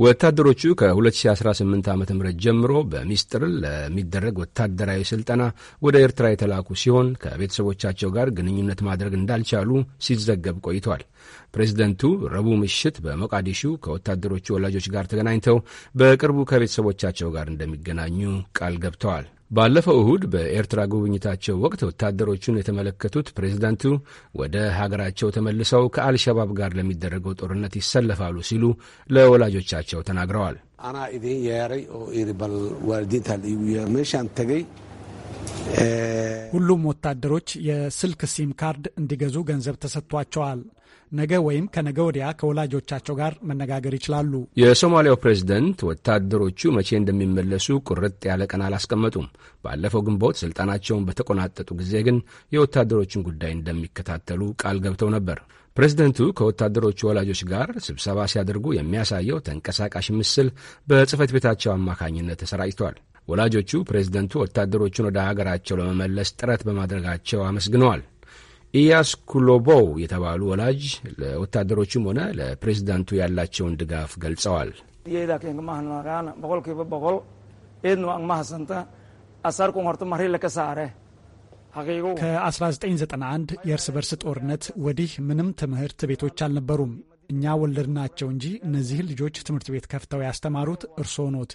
ወታደሮቹ ከ2018 ዓ ም ጀምሮ በሚስጥር ለሚደረግ ወታደራዊ ስልጠና ወደ ኤርትራ የተላኩ ሲሆን ከቤተሰቦቻቸው ጋር ግንኙነት ማድረግ እንዳልቻሉ ሲዘገብ ቆይቷል። ፕሬዚደንቱ ረቡዕ ምሽት በሞቃዲሹ ከወታደሮቹ ወላጆች ጋር ተገናኝተው በቅርቡ ከቤተሰቦቻቸው ጋር እንደሚገናኙ ቃል ገብተዋል። ባለፈው እሁድ በኤርትራ ጉብኝታቸው ወቅት ወታደሮቹን የተመለከቱት ፕሬዚዳንቱ ወደ ሀገራቸው ተመልሰው ከአልሸባብ ጋር ለሚደረገው ጦርነት ይሰለፋሉ ሲሉ ለወላጆቻቸው ተናግረዋል። ሁሉም ወታደሮች የስልክ ሲም ካርድ እንዲገዙ ገንዘብ ተሰጥቷቸዋል። ነገ ወይም ከነገ ወዲያ ከወላጆቻቸው ጋር መነጋገር ይችላሉ። የሶማሊያው ፕሬዝደንት ወታደሮቹ መቼ እንደሚመለሱ ቁርጥ ያለ ቀን አላስቀመጡም። ባለፈው ግንቦት ስልጣናቸውን በተቆናጠጡ ጊዜ ግን የወታደሮችን ጉዳይ እንደሚከታተሉ ቃል ገብተው ነበር። ፕሬዝደንቱ ከወታደሮቹ ወላጆች ጋር ስብሰባ ሲያደርጉ የሚያሳየው ተንቀሳቃሽ ምስል በጽህፈት ቤታቸው አማካኝነት ተሰራጭቷል። ወላጆቹ ፕሬዝደንቱ ወታደሮቹን ወደ አገራቸው ለመመለስ ጥረት በማድረጋቸው አመስግነዋል። ኢያስ ኩሎቦው የተባሉ ወላጅ ለወታደሮቹም ሆነ ለፕሬዚዳንቱ ያላቸውን ድጋፍ ገልጸዋል። ከ1991 የእርስ በርስ ጦርነት ወዲህ ምንም ትምህርት ቤቶች አልነበሩም። እኛ ወለድናቸው እንጂ እነዚህን ልጆች ትምህርት ቤት ከፍተው ያስተማሩት እርስዎ ኖት።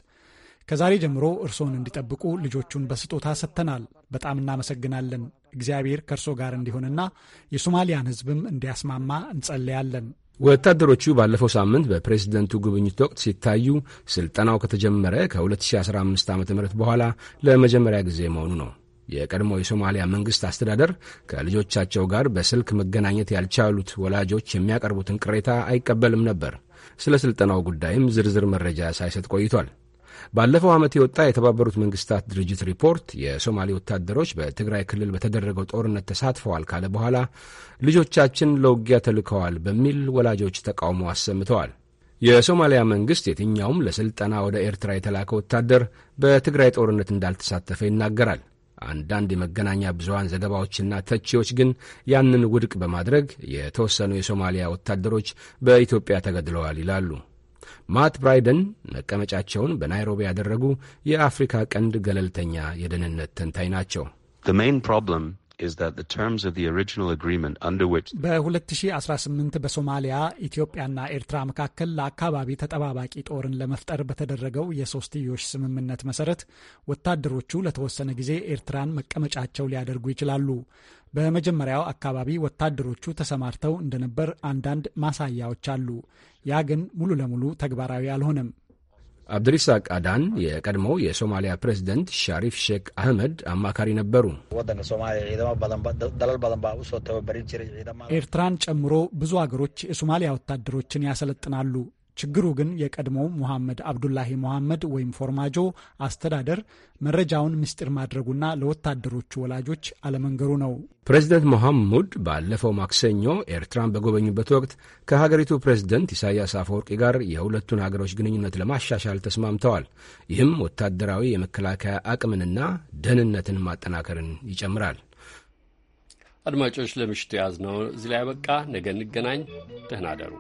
ከዛሬ ጀምሮ እርሶን እንዲጠብቁ ልጆቹን በስጦታ ሰጥተናል። በጣም እናመሰግናለን። እግዚአብሔር ከእርሶ ጋር እንዲሆንና የሶማሊያን ሕዝብም እንዲያስማማ እንጸለያለን። ወታደሮቹ ባለፈው ሳምንት በፕሬዝደንቱ ጉብኝት ወቅት ሲታዩ ስልጠናው ከተጀመረ ከ2015 ዓ ም በኋላ ለመጀመሪያ ጊዜ መሆኑ ነው። የቀድሞ የሶማሊያ መንግሥት አስተዳደር ከልጆቻቸው ጋር በስልክ መገናኘት ያልቻሉት ወላጆች የሚያቀርቡትን ቅሬታ አይቀበልም ነበር። ስለ ስልጠናው ጉዳይም ዝርዝር መረጃ ሳይሰጥ ቆይቷል። ባለፈው ዓመት የወጣ የተባበሩት መንግስታት ድርጅት ሪፖርት የሶማሌ ወታደሮች በትግራይ ክልል በተደረገው ጦርነት ተሳትፈዋል ካለ በኋላ ልጆቻችን ለውጊያ ተልከዋል በሚል ወላጆች ተቃውሞ አሰምተዋል። የሶማሊያ መንግስት የትኛውም ለስልጠና ወደ ኤርትራ የተላከ ወታደር በትግራይ ጦርነት እንዳልተሳተፈ ይናገራል። አንዳንድ የመገናኛ ብዙሃን ዘገባዎችና ተቺዎች ግን ያንን ውድቅ በማድረግ የተወሰኑ የሶማሊያ ወታደሮች በኢትዮጵያ ተገድለዋል ይላሉ። ማት ብራይደን መቀመጫቸውን በናይሮቢ ያደረጉ የአፍሪካ ቀንድ ገለልተኛ የደህንነት ተንታኝ ናቸው። The main problem በ2018 በሶማሊያ ኢትዮጵያና ኤርትራ መካከል ለአካባቢ ተጠባባቂ ጦርን ለመፍጠር በተደረገው የሶስትዮሽ ስምምነት መሰረት ወታደሮቹ ለተወሰነ ጊዜ ኤርትራን መቀመጫቸው ሊያደርጉ ይችላሉ። በመጀመሪያው አካባቢ ወታደሮቹ ተሰማርተው እንደነበር አንዳንድ ማሳያዎች አሉ። ያ ግን ሙሉ ለሙሉ ተግባራዊ አልሆነም። አብድሪሳቅ አዳን የቀድሞው የሶማሊያ ፕሬዚደንት ሻሪፍ ሼክ አህመድ አማካሪ ነበሩ። ኤርትራን ጨምሮ ብዙ አገሮች የሶማሊያ ወታደሮችን ያሰለጥናሉ። ችግሩ ግን የቀድሞው ሙሐመድ አብዱላሂ ሙሐመድ ወይም ፎርማጆ አስተዳደር መረጃውን ምስጢር ማድረጉና ለወታደሮቹ ወላጆች አለመንገሩ ነው። ፕሬዚደንት ሞሐሙድ ባለፈው ማክሰኞ ኤርትራን በጎበኙበት ወቅት ከሀገሪቱ ፕሬዝደንት ኢሳያስ አፈወርቂ ጋር የሁለቱን ሀገሮች ግንኙነት ለማሻሻል ተስማምተዋል። ይህም ወታደራዊ የመከላከያ አቅምንና ደህንነትን ማጠናከርን ይጨምራል። አድማጮች፣ ለምሽቱ የያዝነው እዚህ ላይ ያበቃ። ነገ እንገናኝ። ደህና አደሩ።